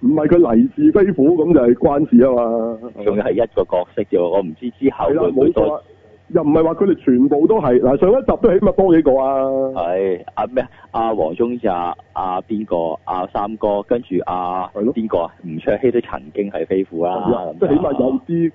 唔係佢嚟自飛虎，咁就係關事啊嘛，仲要係一個角色啫，我唔知之後會唔會，係啊，冇錯，又唔係話佢哋全部都係，嗱上一集都起碼多幾個啊，係阿咩阿黃宗澤阿邊個阿、啊、三哥，跟住阿邊個吳卓羲都曾經係飛虎啦、啊，即、啊、起碼有啲。啊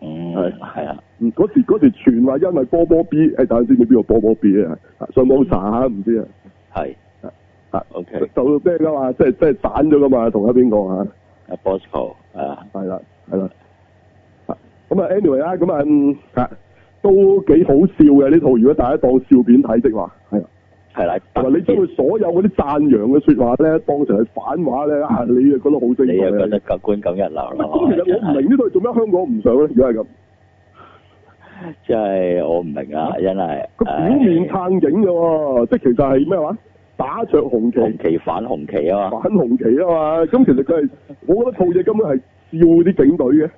嗯係係啊，嗰、嗯、時嗰時傳話因為波波 B，誒大家知唔知？你邊個波波 B 啊上網查下唔知啊。係啊，、嗯、啊，啊，OK，就咩噶嘛，即係即係斬咗噶嘛，同一邊個啊阿 Bosco 係啊，係啦係啦，啊咁啊 anyway 啊，咁、嗯、啊吓都幾好笑嘅呢套，如果大家當笑片睇即話，係、啊。係啦，同埋你將佢所有嗰啲讚揚嘅説話咧，當成係反話咧，你又覺得好正義啊！你又覺得客觀咁一流咁、啊、其實我唔明呢度係做咩香港唔上咧？如果係咁，即係我唔明啊，真係個表面撐警嘅喎、哎，即係其實係咩話？打着紅旗，紅旗反紅旗啊嘛，反紅旗啊嘛。咁 其實佢係，我覺得套嘢根本係笑啲警隊嘅。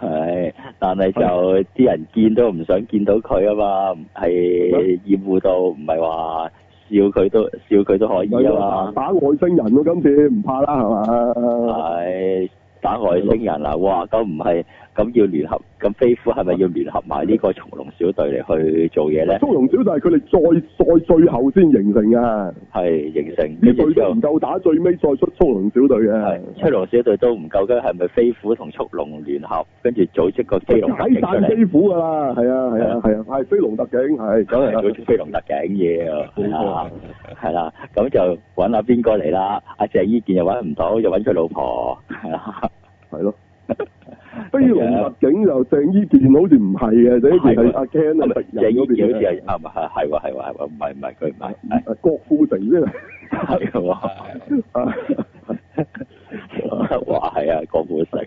係，但係就啲人見都唔想見到佢啊嘛，係掩護到，唔係話。笑佢都笑佢都可以啊！打外星人咯、啊，今次唔怕啦，係嘛？係、哎、打外星人啊！哇，咁唔係。咁要聯合，咁飛虎係咪要聯合埋呢個速龍小隊嚟去做嘢呢？速龍小隊佢哋再再最後先形成㗎，係形成。你最唔夠打最尾再出速龍小隊嘅，係，速龍小隊都唔夠，㗎，係咪飛虎同速龍聯合，跟住組織個飛龍特警解散飛虎㗎啦，係啊係啊係啊，係、啊啊哎、飛龍特警係。咁又要出飛龍特警嘢啊？係、嗯、啦，咁、啊啊啊、就揾阿邊個嚟啦？阿鄭伊健又揾唔到，又揾佢老婆，係啦、啊，係咯、啊。飛龍特警就鄭伊健，好似唔係嘅。鄭伊健係阿 Ken 邊啊，鄭嗰邊好似係係係係係唔係唔係佢唔係，郭富城先係，哇係啊，啊，啊，啊，啊，郭富城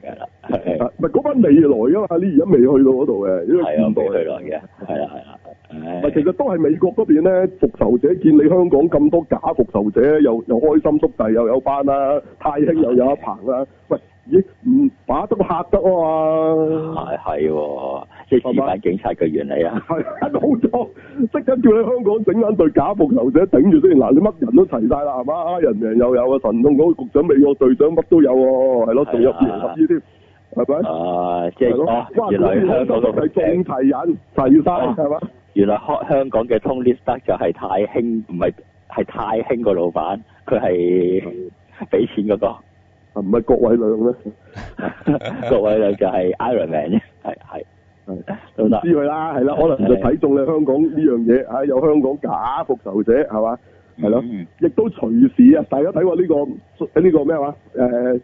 係，唔係講未來啊嘛，你而家未去到度嘅，因為現代未來嘅，係啊係啊，唔係、啊啊啊、其實都係美國嗰邊咧，復仇者見你香港咁多假復仇者，又又開心速遞又有班啦、啊，太興又有一棚啦，喂。咦，唔、嗯、把都嚇得喎、啊！係係喎，即係似扮警察嘅原理啊！係好多即刻叫你香港整緊對假復仇者頂住先嗱，你乜人都齊晒啦，係嘛？人人又有，有，有啊，神盾嗰個局長、美國隊長乜都有喎，係、啊、咯，仲有啲人合意係咪？啊，即係講、啊、原來香港個係係原來香港嘅 Tony Stark 就係太興，唔係係太興個老闆，佢係俾錢嗰、那個。唔係郭偉亮咩？郭 偉 亮就係 Iron Man 啫，係係，都、嗯、知佢啦，係啦，可能就睇中你香港呢樣嘢嚇，有香港假復仇者係嘛，係咯，亦、嗯、都隨時啊，大家睇過呢個呢、呢個咩話誒？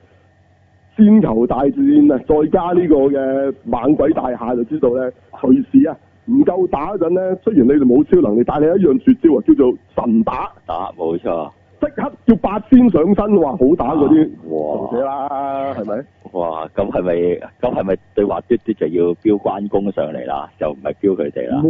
星、呃、球大戰啊，再加呢個嘅猛鬼大廈，就知道咧隨時啊，唔夠打嗰陣咧，雖然你哋冇超能力，但係一樣絕招啊，叫做神打，打冇錯。即刻叫八仙上身，話好打嗰啲，冇嘢啦，係咪？哇，咁係咪？咁係咪對話啲啲就要叫關公上嚟啦，就唔係叫佢哋啦。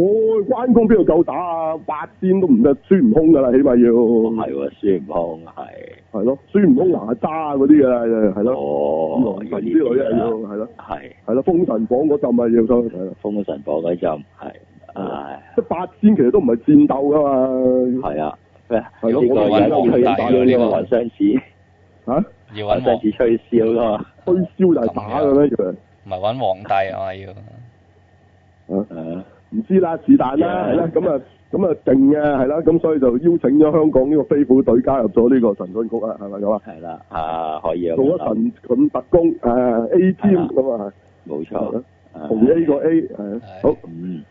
關公邊度夠打啊？八仙都唔得，孫悟空噶啦，起碼要。係喎，孫悟空係。係咯，孫悟空、哪吒嗰啲嘅啦，係咯。哦。哦神之類嘅係咯，係係咯，《封神榜》嗰陣咪要睇。封神榜嗰陣係，唉。即八仙其實都唔係戰鬥噶嘛。係啊。咩？要，這、揾，個、大要揾呢個黃相志，吓？要黃相志吹簫噶嘛？吹簫嚟打噶咩？唔係揾皇帝啊？要，啊，唔、啊、知啦，是但啦，係、yeah. 啦，咁啊，咁啊，定嘅，係啦，咁所以就邀請咗香港呢個飛虎隊加入咗呢個神盾局啊，係咪咁啊？係啦，啊，可以啊，做咗神盾特工啊，啊，A Team 咁啊，冇錯，同呢個 A 係啊，好。嗯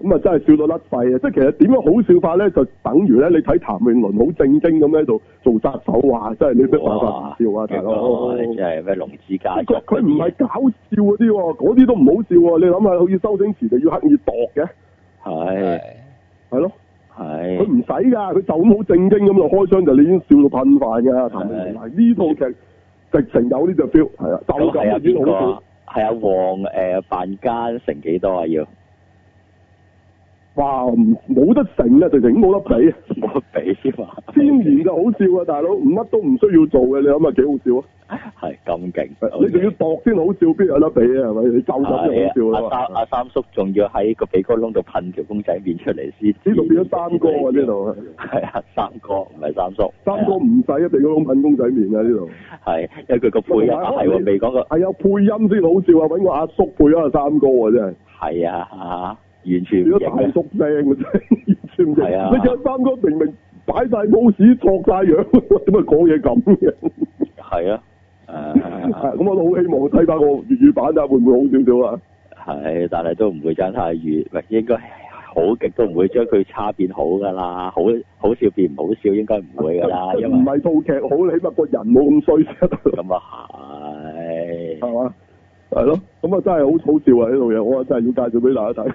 咁啊，真係笑到甩肺啊！即係其實點樣好笑法咧，就等於咧，你睇譚詠麟好正經咁喺度做殺手，哇！真係你咩辦法唔笑啊？大佬，即係咩龍之介？佢唔係搞笑嗰啲喎，嗰啲都唔好笑啊！你諗下，好似周星馳就要刻意度嘅，係係咯，係佢唔使噶，佢就咁好正經咁就開槍，就你已經笑到噴飯噶。譚詠麟，嗱呢套劇直情有呢隻 feel，係啊，逗咁已經好笑。係、呃、啊，黃誒扮奸成幾多啊？要？哇！冇得整啊，直情冇得比，冇得比添啊！天然就好笑啊，大佬，乜都唔需要做嘅，你諗下幾好笑啊！係咁勁，你仲要搏先好笑先、okay。邊有得比啊？係咪？你就咁啲好笑啦！阿、啊三，啊、三叔仲要喺個鼻哥窿度噴條公仔麵出嚟先，呢度變咗三哥啊！呢度係啊，三哥唔係三叔，三哥唔使一定要鼻哥窿噴公仔麵啊！呢度係，因為佢個配音係喎，未講過係啊，配音先好笑啊！搵個阿叔配啊，三哥啊，真係係啊，完全都大叔聲真，完全唔得。你睇三哥明明擺晒 pose，託曬樣，點解講嘢咁嘅？係啊，誒、啊嗯，咁、啊嗯嗯、我都好希望睇翻個粵語版會不會好點啊，會唔會好少少啊？係，但係都唔會差太遠，唔應該好極都唔會將佢差變好㗎啦。好好笑變唔好笑應該，應該唔會㗎啦，又唔係套劇好，起碼個人冇咁衰。咁、嗯嗯嗯、啊係，係嘛？係咯，咁啊真係好好笑啊！呢套嘢我真係要介紹俾大家睇。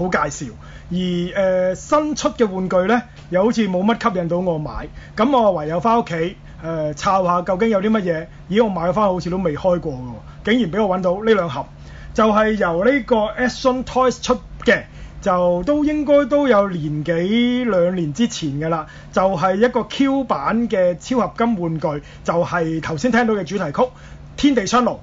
好介紹，而、呃、新出嘅玩具呢，又好似冇乜吸引到我買，咁我唯有翻屋企誒摷下究竟有啲乜嘢，咦，我買翻去好似都未開過嘅，竟然俾我揾到呢兩盒，就係、是、由呢個 Action Toys 出嘅，就都應該都有年幾兩年之前嘅啦，就係、是、一個 Q 版嘅超合金玩具，就係頭先聽到嘅主題曲《天地雙龍》。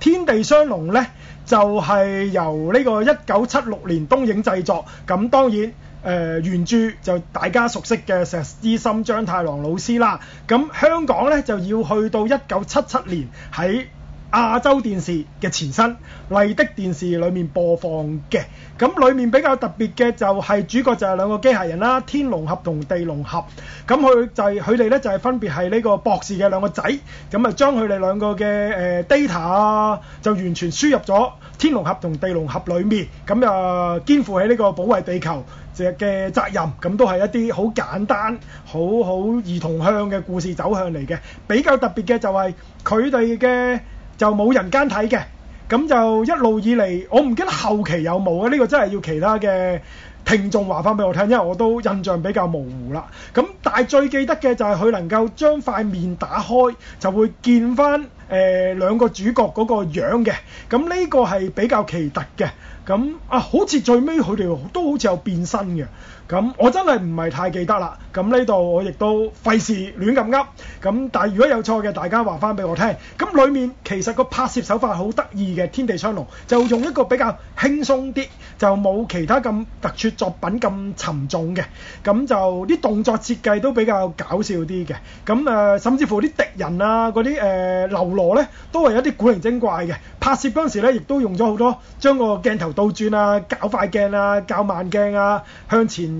天地雙龍呢。就係、是、由呢個一九七六年東映製作，咁當然誒、呃、原著就大家熟悉嘅石之森章太郎老師啦，咁香港呢，就要去到一九七七年喺亞洲電視嘅前身麗的電視裏面播放嘅，咁裏面比較特別嘅就係主角就係兩個機械人啦，天龍俠同地龍俠，咁佢就係佢哋呢，就係分別係呢個博士嘅兩個仔，咁啊將佢哋兩個嘅誒 data 啊就完全輸入咗天龍俠同地龍俠裏面，咁啊肩負起呢個保衞地球嘅責任，咁都係一啲好簡單、好好兒童向嘅故事走向嚟嘅，比較特別嘅就係佢哋嘅。就冇人間睇嘅，咁就一路以嚟，我唔記得後期有冇啊？呢個真係要其他嘅聽眾話翻俾我聽，因為我都印象比較模糊啦。咁但係最記得嘅就係佢能夠將塊面打開，就會見翻誒、呃、兩個主角嗰個樣嘅。咁呢個係比較奇特嘅。咁啊，好似最尾佢哋都好似有變身嘅。咁我真係唔係太記得啦。咁呢度我亦都費事亂咁噏。咁但係如果有錯嘅，大家話翻俾我聽，咁裏面其實個拍攝手法好得意嘅，《天地雙龍》，就用一個比較輕鬆啲，就冇其他咁突出作品咁沉重嘅。咁就啲動作設計都比較搞笑啲嘅。咁誒、呃、甚至乎啲敵人啊，嗰啲誒流羅咧，都係一啲古靈精怪嘅。拍攝嗰陣時呢咧，亦都用咗好多將個鏡頭倒轉啊、搞快鏡啊、搞慢鏡啊、向前。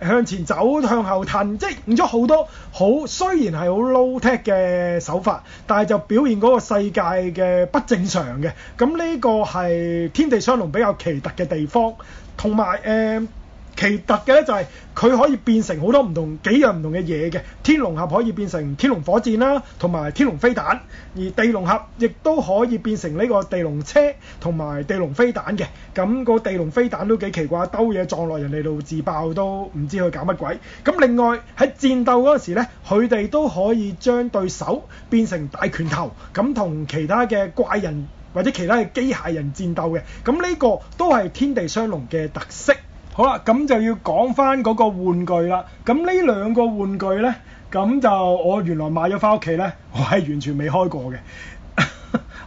向前走，向後，褪，即係用咗好多好雖然係好 low tech 嘅手法，但係就表現嗰個世界嘅不正常嘅。咁呢個係天地雙龍比較奇特嘅地方，同埋誒奇特嘅咧就係佢可以變成好多唔同幾樣唔同嘅嘢嘅。天龍俠可以變成天龍火箭啦，同埋天龍飛彈；而地龍俠亦都可以變成呢個地龍車同埋地龍飛彈嘅。咁個地龍飛彈都幾奇怪，兜嘢撞落人哋度自爆都唔知佢搞乜鬼。咁另外喺戰鬥嗰陣時呢，佢哋都可以將對手變成大拳頭，咁同其他嘅怪人或者其他嘅機械人戰鬥嘅。咁呢個都係天地雙龍嘅特色。好啦，咁就要講翻嗰個玩具啦。咁呢兩個玩具呢，咁就我原來買咗返屋企呢，我係完全未開過嘅。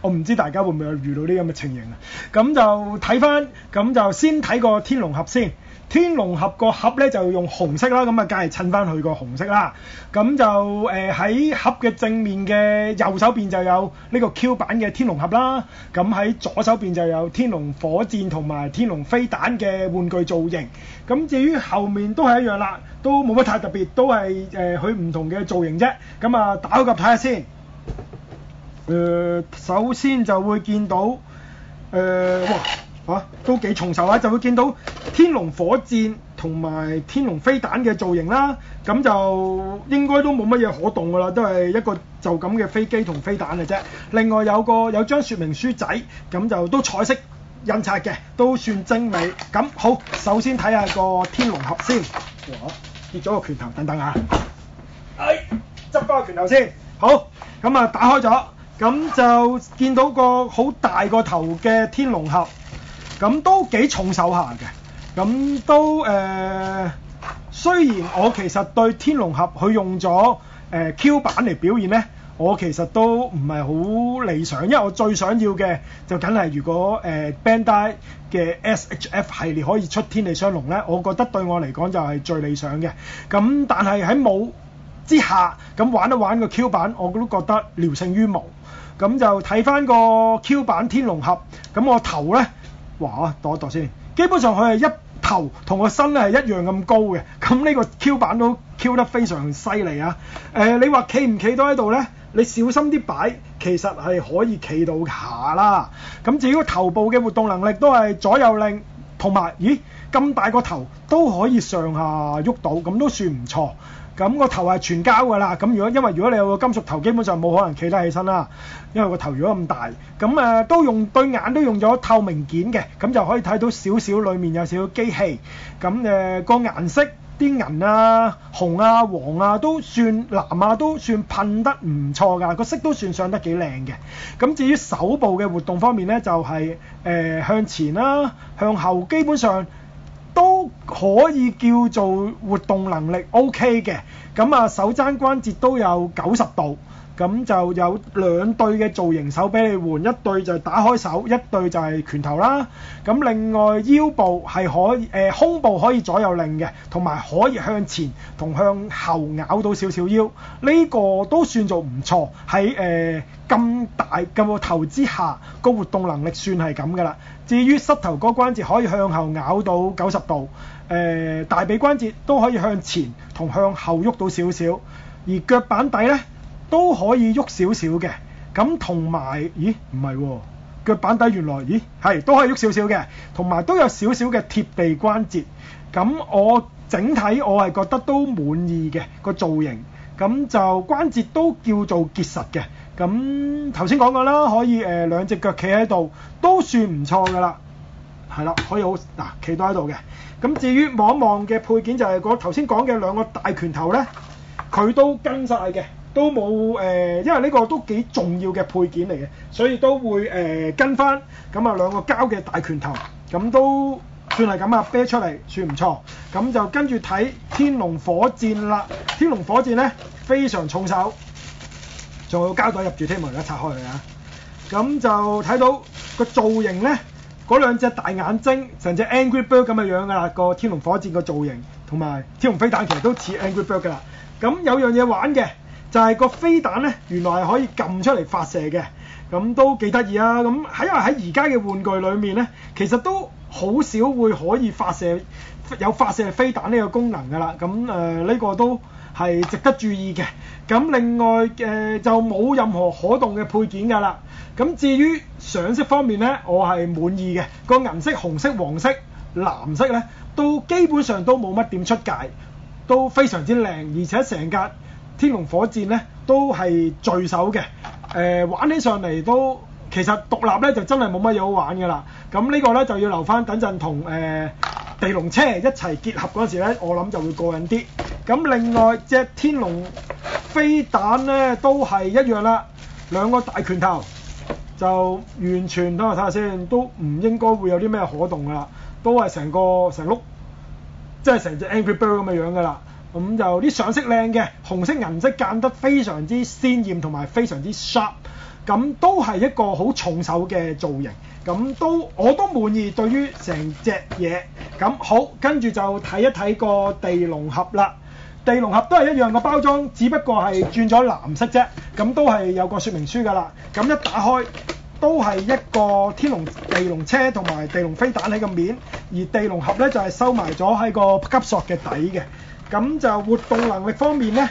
我唔知大家會唔會有遇到呢咁嘅情形啊？咁就睇翻，咁就先睇個天龍盒先。天龍盒個盒呢就用紅色啦，咁啊梗係襯返佢個紅色啦。咁就誒喺盒嘅正面嘅右手邊就有呢個 Q 版嘅天龍盒啦。咁喺左手邊就有天龍火箭同埋天龍飛彈嘅玩具造型。咁至於後面都係一樣啦，都冇乜太特別，都係誒佢唔同嘅造型啫。咁啊打開盒睇下先。誒，首先就會見到誒，哇！啊、都幾重受啊！就會見到天龍火箭同埋天龍飛彈嘅造型啦、啊。咁就應該都冇乜嘢可動噶啦，都係一個就咁嘅飛機同飛彈嚟啫。另外有個有張說明書仔，咁就都彩色印刷嘅，都算精美。咁好，首先睇下個天龍盒先。跌咗個拳頭，等等啊！哎，執翻個拳頭先。好，咁啊，打開咗，咁就見到個好大個頭嘅天龍盒。咁都幾重手下嘅，咁都誒、呃。雖然我其實對天龍俠佢用咗、呃、Q 版嚟表現呢，我其實都唔係好理想，因為我最想要嘅就梗係如果、呃、Bandai 嘅 SHF 系列可以出天地雙龍呢，我覺得對我嚟講就係最理想嘅。咁但係喺冇之下，咁玩一玩個 Q 版，我都覺得聊勝於無。咁就睇翻個 Q 版天龍俠，咁我頭呢。話啊，度一度先，基本上佢係一頭同個身係一樣咁高嘅，咁呢個 Q 版都 Q 得非常犀利啊！誒、呃，你話企唔企到喺度咧？你小心啲擺，其實係可以企到下啦。咁至於個頭部嘅活動能力都係左右令。同埋，咦咁大個頭都可以上下喐到，咁都算唔錯。咁個頭係全膠㗎啦。咁如果因為如果你有個金屬頭，基本上冇可能企得起身啦。因為個頭如果咁大，咁誒都用對眼都用咗透明件嘅，咁就可以睇到少少裏面有少少機器。咁誒個顏色。啲銀啊、紅啊、黃啊都算藍啊都算噴得唔錯㗎，個色都算上得幾靚嘅。咁至於手部嘅活動方面呢，就係、是呃、向前啦、啊、向後，基本上都可以叫做活動能力 OK 嘅。咁啊，手踭關節都有九十度。咁就有兩對嘅造型手俾你換，一對就打開手，一對就係拳頭啦。咁另外腰部係可以、呃，胸部可以左右擰嘅，同埋可以向前同向後咬到少少腰。呢、呢個都算做唔錯，喺誒咁大咁個頭之下，個活動能力算係咁㗎啦。至於膝頭嗰關關節可以向後咬到九十度，誒、呃、大髀關節都可以向前同向後喐到少少，而腳板底呢。都可以喐少少嘅，咁同埋，咦，唔係喎，腳板底原來咦，係都可以喐少少嘅，同埋都有少少嘅貼地關節，咁我整體我係覺得都滿意嘅個造型，咁就關節都叫做結實嘅，咁頭先講過啦，可以誒、呃、兩隻腳企喺度都算唔錯㗎啦，係啦可以好嗱企到喺度嘅，咁、啊、至於望一望嘅配件就係個頭先講嘅兩個大拳頭咧，佢都跟晒嘅。都冇誒、呃，因為呢個都幾重要嘅配件嚟嘅，所以都會誒、呃、跟翻咁啊兩個膠嘅大拳頭，咁都算係咁啊啤出嚟算唔錯。咁就跟住睇天龍火箭啦，天龍火箭咧非常重手，仲有膠袋入住添，我而家拆開嚟啊。咁就睇到個造型咧，嗰兩隻大眼睛，成隻 Angry Bird 咁嘅樣噶啦，個天龍火箭個造型同埋天龍飛彈其實都似 Angry Bird 噶啦。咁有樣嘢玩嘅。就係個飛彈呢，原來係可以撳出嚟發射嘅，咁都幾得意啊！咁喺因為喺而家嘅玩具裏面呢，其實都好少會可以發射有發射飛彈呢個功能噶啦，咁誒呢個都係值得注意嘅。咁另外嘅就冇任何可動嘅配件噶啦。咁至於上色方面呢，我係滿意嘅。個銀色、紅色、黃色、藍色呢，都基本上都冇乜點出界，都非常之靚，而且成架。天龍火箭咧都係聚首嘅，誒、呃、玩起上嚟都其實獨立咧就真係冇乜嘢好玩嘅啦。咁呢個咧就要留翻等陣同誒、呃、地龍車一齊結合嗰時咧，我諗就會過癮啲。咁另外隻天龍飛彈咧都係一樣啦，兩個大拳頭就完全，等我睇下先，都唔應該會有啲咩可動噶啦，都係成個成碌，即係成隻 Angry Bird 咁嘅樣噶啦。咁就啲上色靚嘅，紅色銀色間得非常之鮮，鮮豔，同埋非常之 sharp。咁都係一個好重手嘅造型，咁都我都滿意對於成隻嘢。咁好，跟住就睇一睇個地龍盒啦。地龍盒都係一樣嘅包裝，只不過係轉咗藍色啫。咁都係有個說明書㗎啦。咁一打開都係一個天龍地龍車同埋地龍飛彈喺個面，而地龍盒呢就係收埋咗喺個吸塑嘅底嘅。咁就活動能力方面呢，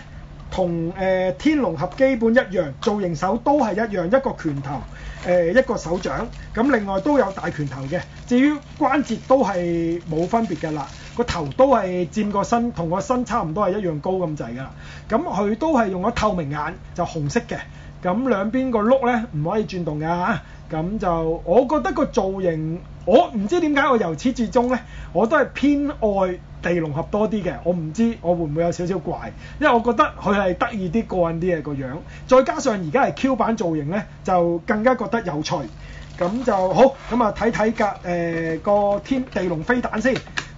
同、呃、天龍俠基本一樣，造型手都係一樣，一個拳頭，呃、一個手掌，咁另外都有大拳頭嘅。至於關節都係冇分別嘅啦，個頭都係佔個身，同個身差唔多係一樣高咁滯㗎啦。咁佢都係用咗透明眼，就紅色嘅。咁兩邊個碌呢，唔可以轉動㗎、啊。咁就我覺得個造型，我唔知點解我由始至終呢，我都係偏愛地龍合多啲嘅，我唔知我會唔會有少少怪，因為我覺得佢係得意啲過癮啲嘅個樣，再加上而家係 Q 版造型呢，就更加覺得有趣。咁就好，咁啊睇睇隔誒個天地龍飛彈先，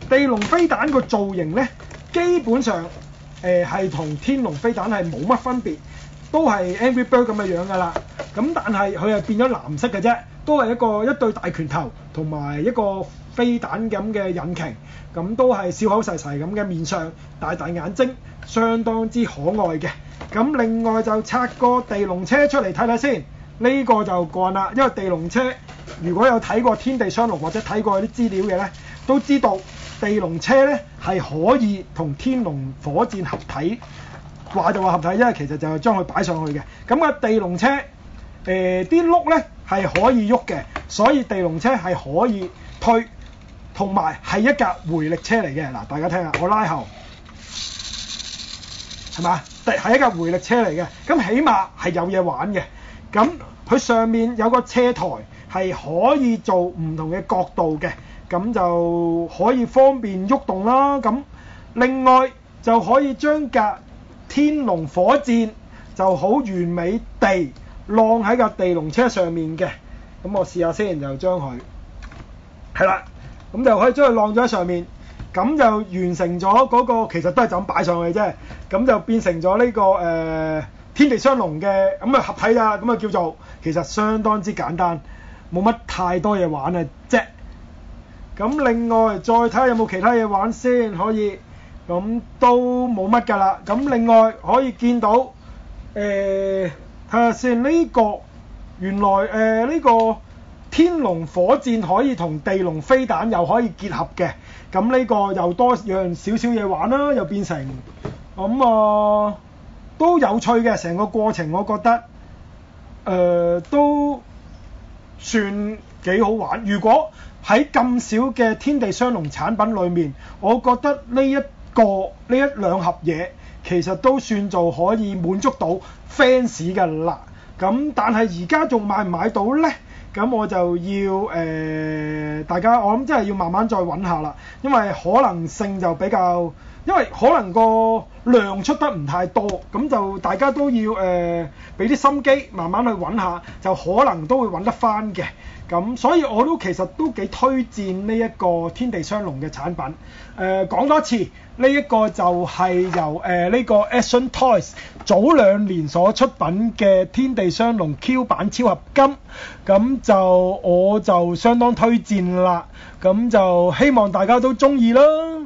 地龍飛彈個造型呢，基本上誒係同天龍飛彈係冇乜分別，都係 Angry Bird 咁嘅樣噶啦，咁但係佢係變咗藍色嘅啫，都係一個一對大拳頭同埋一個飛彈咁嘅引擎，咁都係笑口細細咁嘅面相，大大眼睛，相當之可愛嘅。咁另外就拆個地龍車出嚟睇睇先，呢個就干啦。因為地龍車如果有睇過天地雙龍或者睇過啲資料嘅呢，都知道地龍車呢係可以同天龍火箭合體，話就話合體，因為其實就係將佢擺上去嘅。咁嘅地龍車，啲碌呢係可以喐嘅，所以地龍車係可以推，同埋係一架回力車嚟嘅，嗱，大家聽下，我拉後係咪啊？係一架回力車嚟嘅，咁起碼係有嘢玩嘅。咁佢上面有個車台，係可以做唔同嘅角度嘅，咁就可以方便喐動啦。咁另外就可以將架天龍火箭就好完美地晾喺架地龍車上面嘅。咁我試下先就將，就將佢係啦。咁就可以將佢晾咗喺上面，咁就完成咗嗰個，其實都係就咁擺上去啫，咁就變成咗呢個誒天地雙龍嘅咁啊合體㗎，咁啊叫做其實相當之簡單，冇乜太多嘢玩啊啫。咁另外再睇下有冇其他嘢玩先可以，咁都冇乜㗎啦。咁另外可以見到誒，睇下先呢個原來誒呢個。天龍火箭可以同地龍飛彈又可以結合嘅，咁呢個又多樣少少嘢玩啦、啊，又變成咁、嗯、啊都有趣嘅，成個過程我覺得誒、呃、都算幾好玩。如果喺咁少嘅天地雙龍產品裏面，我覺得呢一個呢一兩盒嘢其實都算做可以滿足到 fans 㗎喇。咁但係而家仲買唔買到呢？咁我就要誒、呃，大家我諗真係要慢慢再揾下啦，因為可能性就比較。因為可能個量出得唔太多，咁就大家都要誒俾啲心機，慢慢去揾下，就可能都會揾得翻嘅。咁所以我都其實都幾推薦呢一個天地雙龍嘅產品。誒、呃、講多次，呢、這、一個就係由誒呢、呃這個 Action Toys 早兩年所出品嘅天地雙龍 Q 版超合金，咁就我就相當推薦啦。咁就希望大家都中意咯。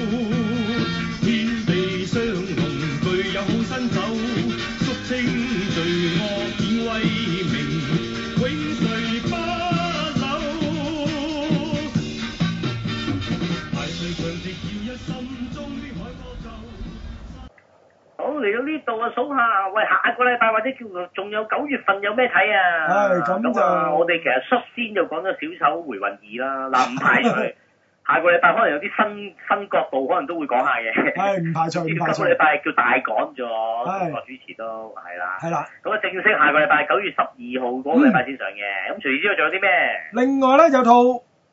好嚟到呢度啊，數下，喂，下個禮拜或者叫做仲有九月份有咩睇啊？唉、哎，咁就那我哋其實率先就講咗《小丑回魂二》啦，嗱，唔排除 下個禮拜可能有啲新新角度可能都會講下嘅。唉、哎，唔排除唔排除。排除個禮拜叫大講咗，我、哎、主持都係啦。係啦，咁啊正式下個禮拜九月十二號嗰個禮拜先上嘅，咁除此之外仲有啲咩？另外咧有套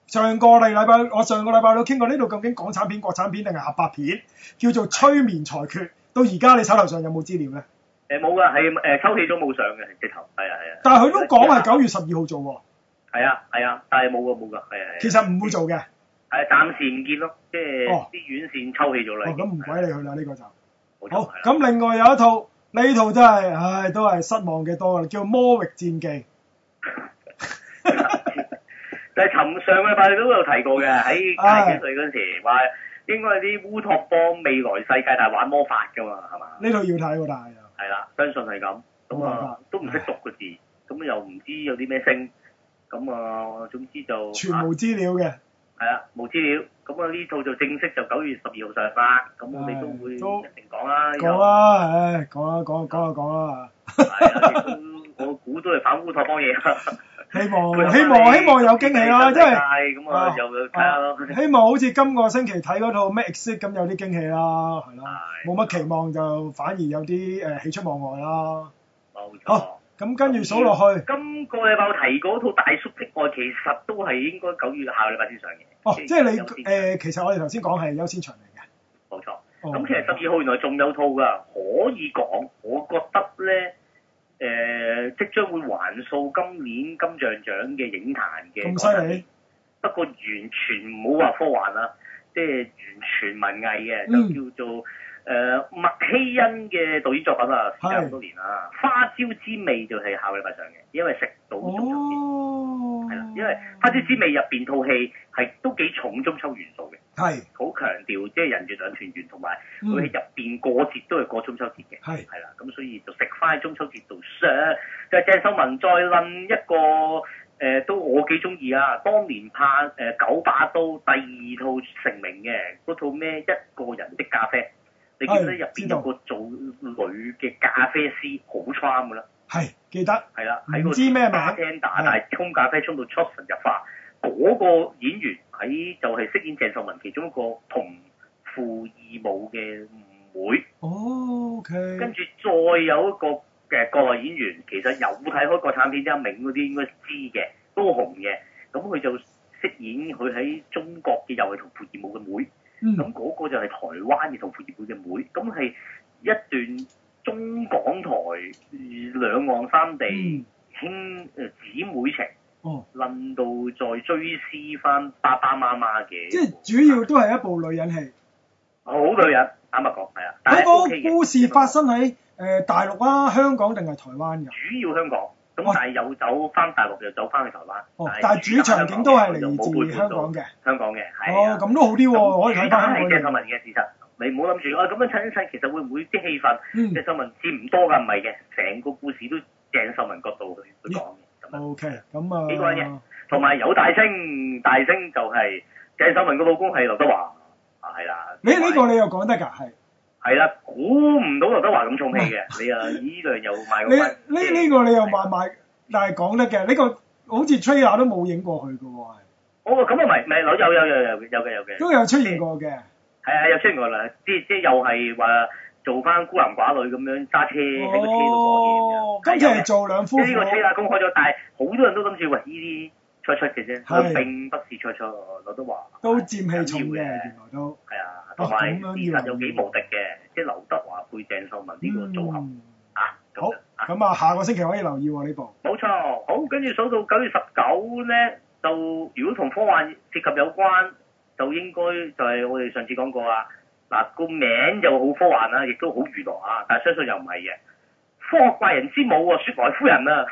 上個禮拜我上個禮拜都傾過，呢度究竟港產片、國產片定係合拍片？叫做《催眠裁決》。到而家你手頭上有冇資料咧？誒冇㗎，係誒抽起都冇上嘅，直頭，係啊係啊。但係佢都講係九月十二號做喎。係啊係啊，但係冇㗎冇㗎，係啊係啊。其實唔會做嘅。係暫時唔見咯，即係啲院線抽起咗啦。哦咁唔鬼理佢啦呢個就。好，咁另外有一套，呢套真係，唉，都係失望嘅多啦，叫《魔域戰記》。但係尋上嘅朋友都有提過嘅，喺大幾歲嗰陣時話。應該係啲烏托邦未來世界，大玩魔法㗎嘛，啊，係嘛？呢套要睇好大係。係啦，相信係咁。冇辦法、嗯、都唔識讀個字，咁又唔知有啲咩聲，咁、嗯、啊，總之就，全無資料嘅。係、啊、啦，冇資料，咁啊呢套就正式就九月十二號上啦，咁我哋都會一定講啦。講啦，唉，講啦，講啊，講啊，講啦。係啊， 我估都係反烏托邦嘢。希望，希望，希望有驚喜啦，因為咁啊，有，係咯，希望好似今個星期睇嗰套咩 Exit 咁有啲驚喜啦，係咯，冇乜期望就反而有啲誒喜出望外啦。冇錯。好，咁跟住數落去。今個禮拜我提過嗰套大叔的愛，其實都係應該九月下個禮拜先上嘅。哦，即係你誒，其實我哋頭先講係優先場嚟嘅。冇錯。哦。咁其實十二號原來仲有套㗎，可以講，我覺得咧。誒、呃、即將會還數今年金像獎嘅影壇嘅，不過完全唔好話科幻啦，即係完全文藝嘅，嗯、就叫做誒麥、呃、希恩嘅導演作品啊。時間好多年啦，《花椒之味》就係下禮拜上嘅，因為食到中秋節，係啦、哦，因為《花椒之味》入邊套戲係都幾重中秋元素嘅。係，好強調即係、就是、人月兩團圓，同埋佢喺入面過節都係過中秋節嘅，係係啦，咁所以就食翻喺中秋節度 share。鄭秀文再諗一個，誒、呃、都我幾中意啊，當年拍誒、呃、九把刀第二套成名嘅嗰套咩一個人的咖啡，你記得入邊有個做女嘅咖啡師好 charm 嘅啦，係記得，係啦喺個咩？餐廳打，但係沖咖啡沖到出神入化。嗰、那個演員喺就係、是、飾演鄭秀文其中一個同父異母嘅妹。O、oh, okay. 跟住再有一個嘅、呃、國內演員，其實有睇開國產片，即係阿銘嗰啲應該知嘅，都紅嘅。咁佢就飾演佢喺中國嘅又係同父異母嘅妹。咁、mm. 嗰個就係台灣嘅同父異母嘅妹。咁係一段中港台兩岸三地兄誒姊妹情。哦，輪到再追思翻爸爸媽媽嘅，即係主要都係一部女人戲，好女人，坦白啱講，係啊，但係嗰個故事發生喺大陸啦、啊、香港定係台灣嘅？哦、主要香港，咁但係有走翻大陸，又走翻去台灣。但係、哦、主場景都係嚟自香港嘅，香港嘅，係哦，咁都好啲喎，我、嗯、可以睇翻。係鄭秀文嘅事實，你唔好諗住啊！咁樣襯一襯，其實會唔會啲戲份？嗯。鄭秀文字唔多㗎，唔係嘅，成個故事都鄭秀文角度去去講嘅。O K，咁啊，同、這、埋、個、有，有大聲，大聲就係鄭秀文個老公係劉德華，啊係啦，你呢、這個你又講得㗎，係係啦，估唔到劉德華咁重氣嘅、 這個，你啊呢樣又買個，呢呢、這個你又買買，但係講得嘅，呢、這個好似吹下都冇影過去嘅喎，哦咁啊唔係唔係有有有有有嘅有嘅，都有出現過嘅，係啊有出現過啦，即即又係話。做翻孤男寡女咁樣揸車喺個車度講嘢，跟住係做兩方。即、這、呢個車啦公開咗，但係好多人都諗住喂，呢啲出出嘅啫，佢並不是出出。劉德華都佔氣重嘅，原來都係啊，同埋呢實有幾無敵嘅，即係劉德華配鄭秀文呢、這個組合、嗯、啊。好，咁啊，啊下個星期可以留意喎、啊、呢部。冇錯，好，跟住數到九月十九咧，就如果同科幻涉及有關，就應該就係我哋上次講過啊。嗱、啊、個名就好科幻啦、啊，亦都好娛樂啊，但相信又唔係嘅。科學怪人之母啊雪萊夫人啊，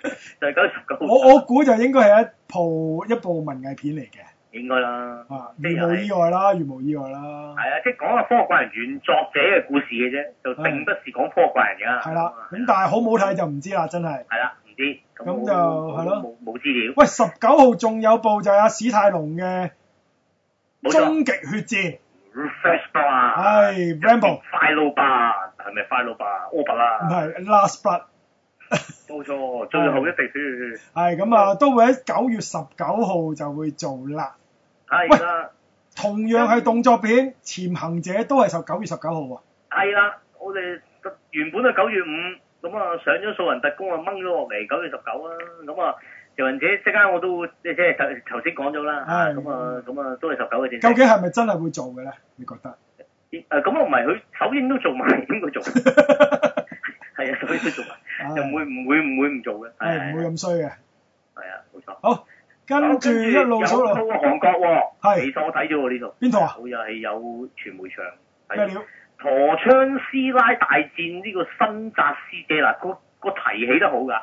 就係十九號我 我估就應該係一部一部文藝片嚟嘅。應該啦。啊，預無意外啦，如無意外啦。係啊，即係講個科學怪人原作者嘅故事嘅啫、啊，就並不是講科學怪人㗎、啊。係啦、啊，咁、啊啊啊、但係好唔好睇就唔知啦，真係。係啦、啊，唔知咁就係咯，冇冇資料。喂，十九號仲有部就係阿、啊、史泰龍嘅《終極血戰》。Rambo 快老吧，係咪快老吧 over 啦，唔係 last part 冇 錯，最後一段片，係咁啊，都會喺九月十九號就會做啦，係、哎、啦、哎，同樣係動作片，潛、嗯、行者都係十九月十九號喎，係啦，我哋原本是9 5, 啊九月五，咁啊上咗《素人特工》啊掹咗落嚟，九月十九啊，咁啊。潛行者即間我都即即係頭頭先講咗啦，咁、哎、啊咁啊都係十九嘅，政究竟係咪真係會做嘅咧？你覺得？誒咁我唔係佢首映都做埋，點會做？係 啊，首映都做埋、哎，又唔會唔會唔會唔做嘅，唔會咁衰嘅。係啊，冇、啊啊啊啊、錯。好，跟住一路又到韓國喎、哦。其實我睇咗喎呢度。邊度？啊？又係有傳媒場咩陀槍師奶大戰呢個新紮師姐嗱，個個提起得好㗎，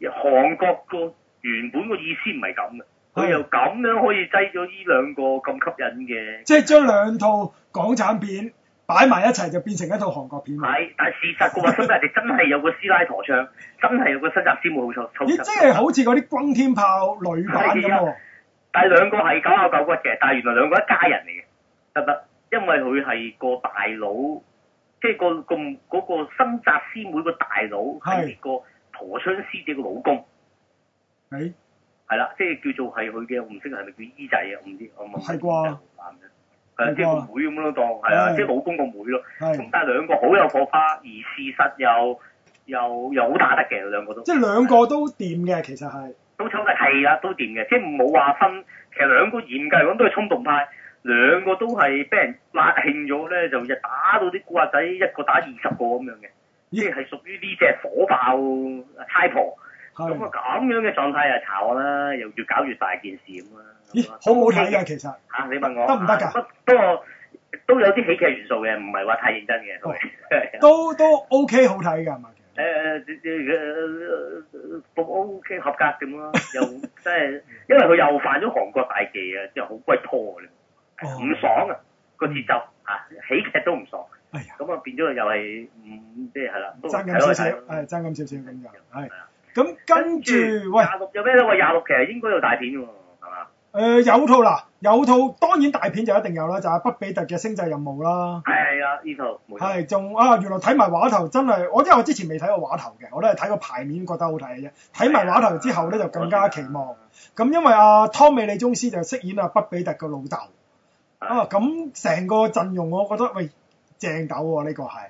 韓國個。原本個意思唔係咁嘅，佢又咁樣可以擠咗呢兩個咁吸引嘅、嗯，即係將兩套港產片擺埋一齊就變成一套韓國片。係，但事實上 真係有個話，真係人哋真係有個師奶陀槍，真係有個新紮師妹，真係好錯。即係好似嗰啲轟天炮女版喎？但係兩個係九啊九,九骨嘅， 但係原來兩個係一家人嚟嘅，得唔得？因為佢係個大佬，即係個咁嗰、嗰個嗰個、新紮師妹個大佬係個陀槍師姐個老公。誒、哎，係啦，即係叫做係佢嘅，唔識係咪叫姨仔啊？唔知我唔識。係啩？係即係個妹咁咯，當係啊，即係老公妹妹個妹咯。係，但係兩個好有火花，而事實又又又好打得嘅，兩個都。即係兩個都掂嘅，其實係都抽得係啊，都掂嘅，即係冇話分。其實兩個嚴格嚟講都係衝動派，兩個都係俾人辣興咗咧，就日打到啲古惑仔一個打二十個咁樣嘅，即係屬於呢隻火爆太婆。咁啊咁樣嘅狀態又炒我啦，又越搞越大件事咁啊！咦，好唔好睇啊？其實嚇，你問我得唔得㗎？都都，都有啲喜劇元素嘅，唔係話太認真嘅。係，都 都，都 OK 好睇㗎嘛？誒誒 OK 合格咁咯，又真係 因為佢又犯咗韓國大忌 啊，即係好鬼拖㗎，唔爽啊個節奏啊，喜劇都唔爽。哎呀咁啊變咗又係唔即係係啦，爭咁少少，係爭咁少少咁就係。咁跟住，喂，廿六有咩咧？喂，廿六其實應該有大片嘅喎，係嘛？誒、呃，有套嗱、啊，有套當然大片就一定有啦，就阿、係、畢彼特嘅《星際任務》啦。係啊，呢套。係仲啊，原來睇埋畫頭真係，我因為我之前未睇過畫頭嘅，我都係睇個排面覺得好睇嘅啫。睇埋畫頭之後咧就更加期望。咁因為阿、啊、湯美李鍾斯就飾演阿畢彼特嘅老豆。啊，咁成個陣容我覺得喂正鬥喎呢個係。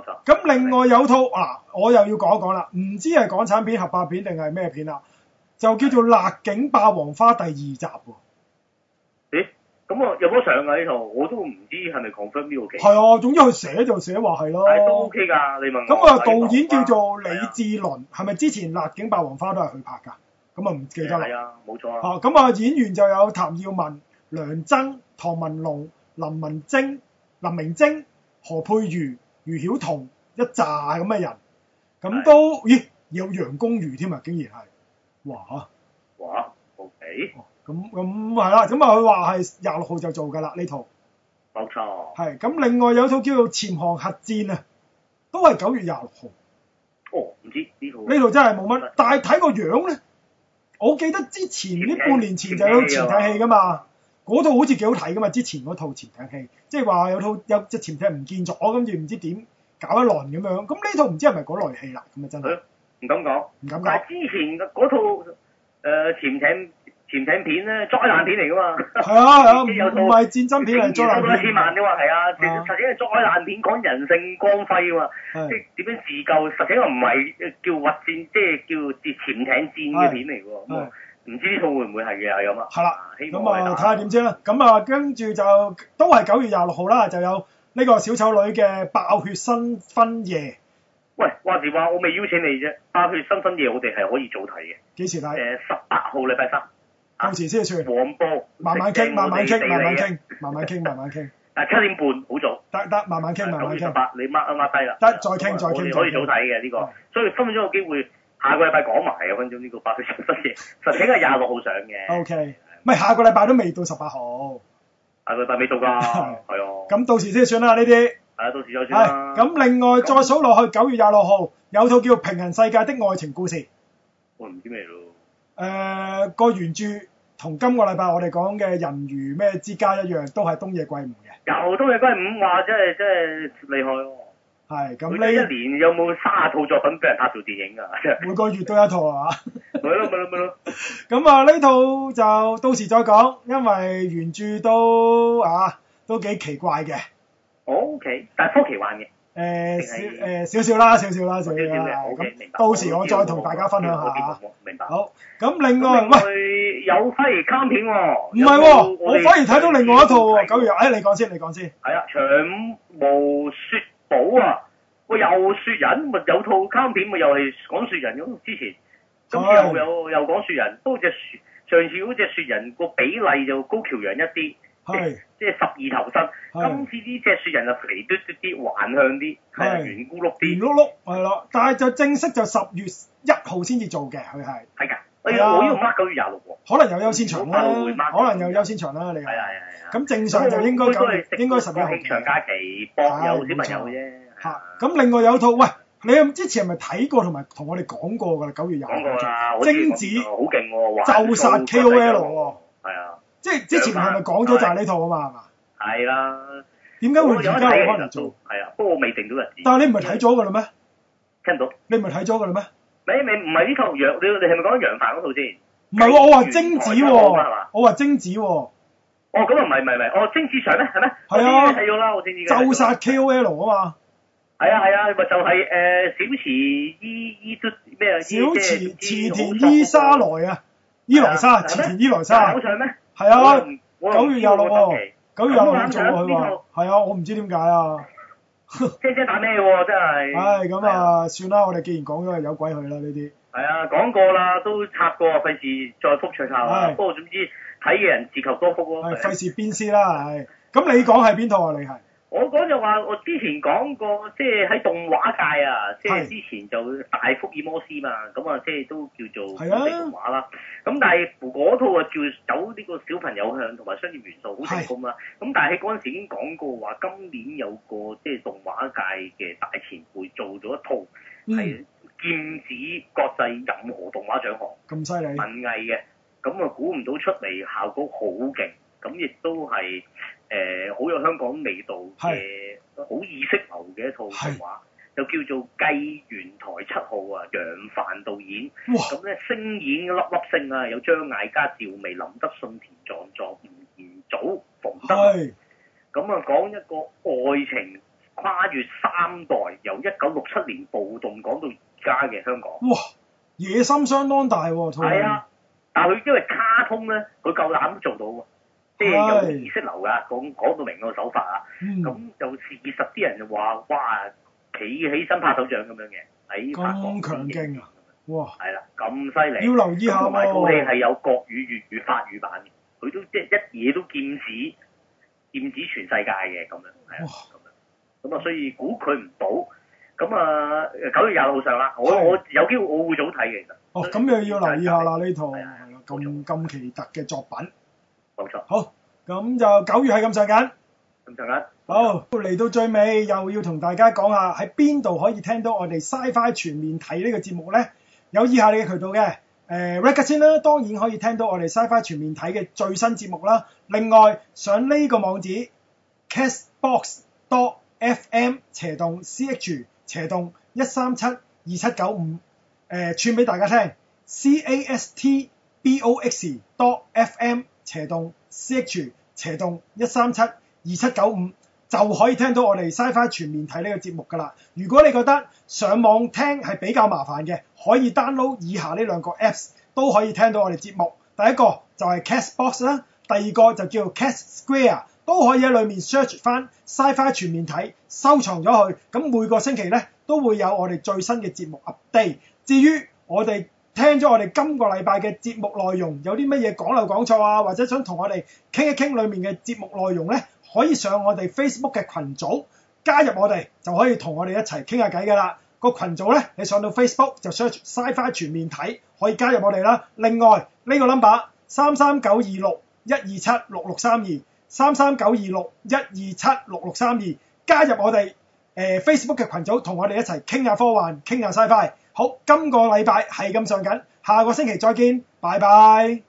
咁另外有套嗱，我又要講一講啦，唔知係港產片、合拍片定係咩片啦，就叫做《辣警霸王花》第二集喎。咦、欸？咁啊，有冇上啊？呢套我都唔知係咪 confirm 嚟嘅。係啊，總之佢寫就寫話係咯。都 OK 㗎，你問我咁啊，導演叫做李治倫，係咪、啊、之前《辣警霸王花》都係佢拍㗎？咁啊，唔記得啦。係啊，冇錯啊。嚇，咁啊，演員就有譚耀文、梁琤、唐文龍、林文晶、林明晶、何佩瑜。余曉彤一紮咁嘅人，咁都咦有楊恭如添啊，竟然係、啊，哇嘩！哇，O K，咁咁係啦，咁啊佢話係廿六號就做噶啦呢套，冇錯，係，咁另外有套叫做《潛航核戰》啊，都係九月廿六號，哦，唔知呢套，呢套真係冇乜，但係睇個樣咧，我記得之前呢半年前就有前睇戲噶嘛。嗰套好似幾好睇噶嘛，之前嗰套潛艇戲，即係話有套有隻潛艇唔見咗，跟住唔知點搞一輪咁樣。咁呢套唔知係咪嗰類戲啦，咁咪真係？唔敢講，唔敢講。但係之前嗰套誒、呃、潛艇潛艇片咧，災難片嚟噶嘛？係啊，唔唔係戰爭片，係災難片。幾多幾萬啫嘛？係啊，實實質上災難片講人性光輝即點樣自救？實質上唔係叫核戰，即係叫潛艇戰嘅片嚟喎。唔知呢套會唔會係嘅係咁啊？係啦，咁啊睇下點先啦。咁啊跟住就都係九月廿六號啦，就有呢個小丑女嘅爆血新婚夜。喂，話時話我未邀請你啫。爆血新婚夜我哋係可以早睇嘅。幾時睇？誒十八號禮拜三。到時先算。網、啊、播。慢慢傾、啊，慢慢傾，慢慢傾，慢慢傾，慢慢傾。但七點半好早。得得，慢慢傾，慢慢傾。九點你 mark mark 低啦。得，再傾、嗯、再傾。可以早睇嘅呢個。所以分分鐘有機會。下個禮拜講埋啊，分鐘呢個八月十日，十幾係廿六號上嘅。O K，唔係下個禮拜都未到十八號，下個禮拜未到噶，係 哦。咁到時先算啦呢啲。係啊，到時再算，咁另外再數落去，九月廿六號有套叫《平行世界的愛情故事》，我唔知咩咯。誒、呃，個原著同今個禮拜我哋講嘅《人魚咩之家》一樣，都係東野圭吾嘅。又東野圭吾，嘩真係真係厲害、哦。係，咁呢一年有冇卅套作品俾人拍做電影㗎？每個月都有一套啊嘛，咪咯咪咪咁啊，呢套就到時再講，因為原著都啊都幾奇怪嘅。O、oh, K，okay. 但係科技玩嘅。誒、欸、少、欸、少少啦，少少啦，少少啦。O 明白。啊、okay, 到時我再同大家分享下。明白，明白，明白。好，咁另外，另外喂有反而卡通片喎、哦，唔係喎，我反而睇到另外一套喎、啊，九月。哎、啊，你講先，你講先。係啊，長毛雪。冇啊！我又雪人，咪有套卡通片，咪又係講雪人嘅。之前，咁又有、哎、又講雪人，嗰隻雪上次嗰隻雪人個比例就高橋人一啲，即係即係十二頭身。今次呢隻雪人就肥嘟嘟啲，橫向啲，係圓咕碌啲，圓碌碌係咯。但係就正式就十月一號先至做嘅，佢係，係。係啊，我依度九月廿六可能有優先場啦，可能有優先場啦，你係。係係係。咁、啊、正常就應該九月、啊啊啊、應該十一號嘅。長假期幫有啲唔錯啫。嚇、啊！咁另外有套、啊、喂，你之前係咪睇過同埋同我哋講過㗎啦？九月廿六。講過啦，好似。好勁喎！就殺 K O L 喎。啊。即係、啊啊、之前係咪講咗就係呢套啊嘛？係嘛、啊？啦、啊。點解會而家可能做？啊，不過我未定到人。但係你唔係睇咗㗎啦咩？聽唔到。你唔係睇咗㗎啦咩？咪咪唔係呢套羊，你你係咪講楊凡嗰套先？唔係喎，我話貞子喎、啊，我話貞子喎、啊。哦，咁啊唔係唔係唔係，我貞子上咩？係咩？係啊，啊。就殺 K O L 啊嘛。係啊係啊，咪就係誒小池伊伊咩小池池田伊沙來啊，伊來沙，池田伊來沙咩？係啊，九月有六喎，九月有兩組喎，佢話。係啊，我唔知點解啊。 姐姐打咩喎、啊？真係，唉、哎，咁啊，啊，算啦，我哋既然講咗，有鬼去啦呢啲。係啊，講過啦，都插過，費事再複出細啦。不過總之睇嘅人自求多福咯。係、啊，啊、費事鞭屍啦，唉、啊。咁你講係邊套啊？你係。我講就話，我之前講過，即係喺動畫界啊，即、就、係、是、之前就大福爾摩斯嘛，咁啊，即係都叫做出名動畫啦。咁但係嗰套啊，照走呢個小朋友向同埋商業元素好成功啦。咁但係喺嗰陣時已經講過話，今年有個即係、就是、動畫界嘅大前輩做咗一套係劍指國際任何動畫獎項，咁犀利，文藝嘅，咁啊估唔到出嚟效果好勁，咁亦都係。誒、呃、好有香港味道嘅好意識流嘅一套動畫，就叫做《繼園臺七號》啊，楊凡導演，咁咧星演粒粒星啊，有張艾嘉、趙薇、林德信、田壯壯、吳彥祖、馮德，咁啊講一個愛情跨越三代，由一九六七年暴動講到而家嘅香港。哇！野心相當大喎，啊，係啊，但係佢因為卡通咧，佢夠膽做到喎。即係有意識流㗎，講講到明個手法啊，咁、嗯、就事實啲人就話，哇，企起身拍手掌咁樣嘅，喺拍咁強勁啊，哇，係啦，咁犀利，要留意下啊。同埋套戲係有國語、粵語、法語版，佢都即係一嘢都劍指，劍指全世界嘅咁樣，咁啦，咁啊，所以估佢唔到，咁啊，九月廿六號上啦，我我有機會我會早睇嘅其實。哦，咁、哦、又要留意一下啦呢套，係啦，咁咁、啊、奇特嘅作品。啊嗯冇錯，好，咁就九月係咁上緊，咁上緊，好嚟到最尾，又要同大家講下喺邊度可以聽到我哋《Sci-Fi 全面睇》呢個節目呢？有以下啲渠道嘅誒、呃、Record 先啦，當然可以聽到我哋《Sci-Fi 全面睇》嘅最新節目啦。另外上呢個網址 castbox.do fm 斜洞 ch 斜洞一三七二七九五誒，串俾大家聽 castbox.do fm 斜洞 C.H. 斜洞一三七二七九五就可以聽到我哋 Sci-Fi 全面睇呢個節目㗎啦。如果你覺得上網聽係比較麻煩嘅，可以 download 以下呢兩個 apps 都可以聽到我哋節目。第一個就係 Castbox 啦，第二個就叫做 Cast Square，都可以喺裡面 search 翻 Sci-Fi 全面睇，收藏咗去，咁每個星期咧都會有我哋最新嘅節目 update。至於我哋，聽咗我哋今個禮拜嘅節目內容，有啲乜嘢講漏講錯啊？或者想同我哋傾一傾裏面嘅節目內容呢？可以上我哋 Facebook 嘅群組加入我哋，就可以同我哋一齊傾下偈噶啦。個群組呢，你上到 Facebook 就 search Sci-Fi 全面睇，可以加入我哋啦。另外呢個 number 三三九二六一二七六六三二三三九二六一二七六六三二，加入我哋、呃、Facebook 嘅群組，同我哋一齊傾下科幻，傾下 Sci-Fi。好，今個禮拜係咁上緊，下個星期再見，拜拜。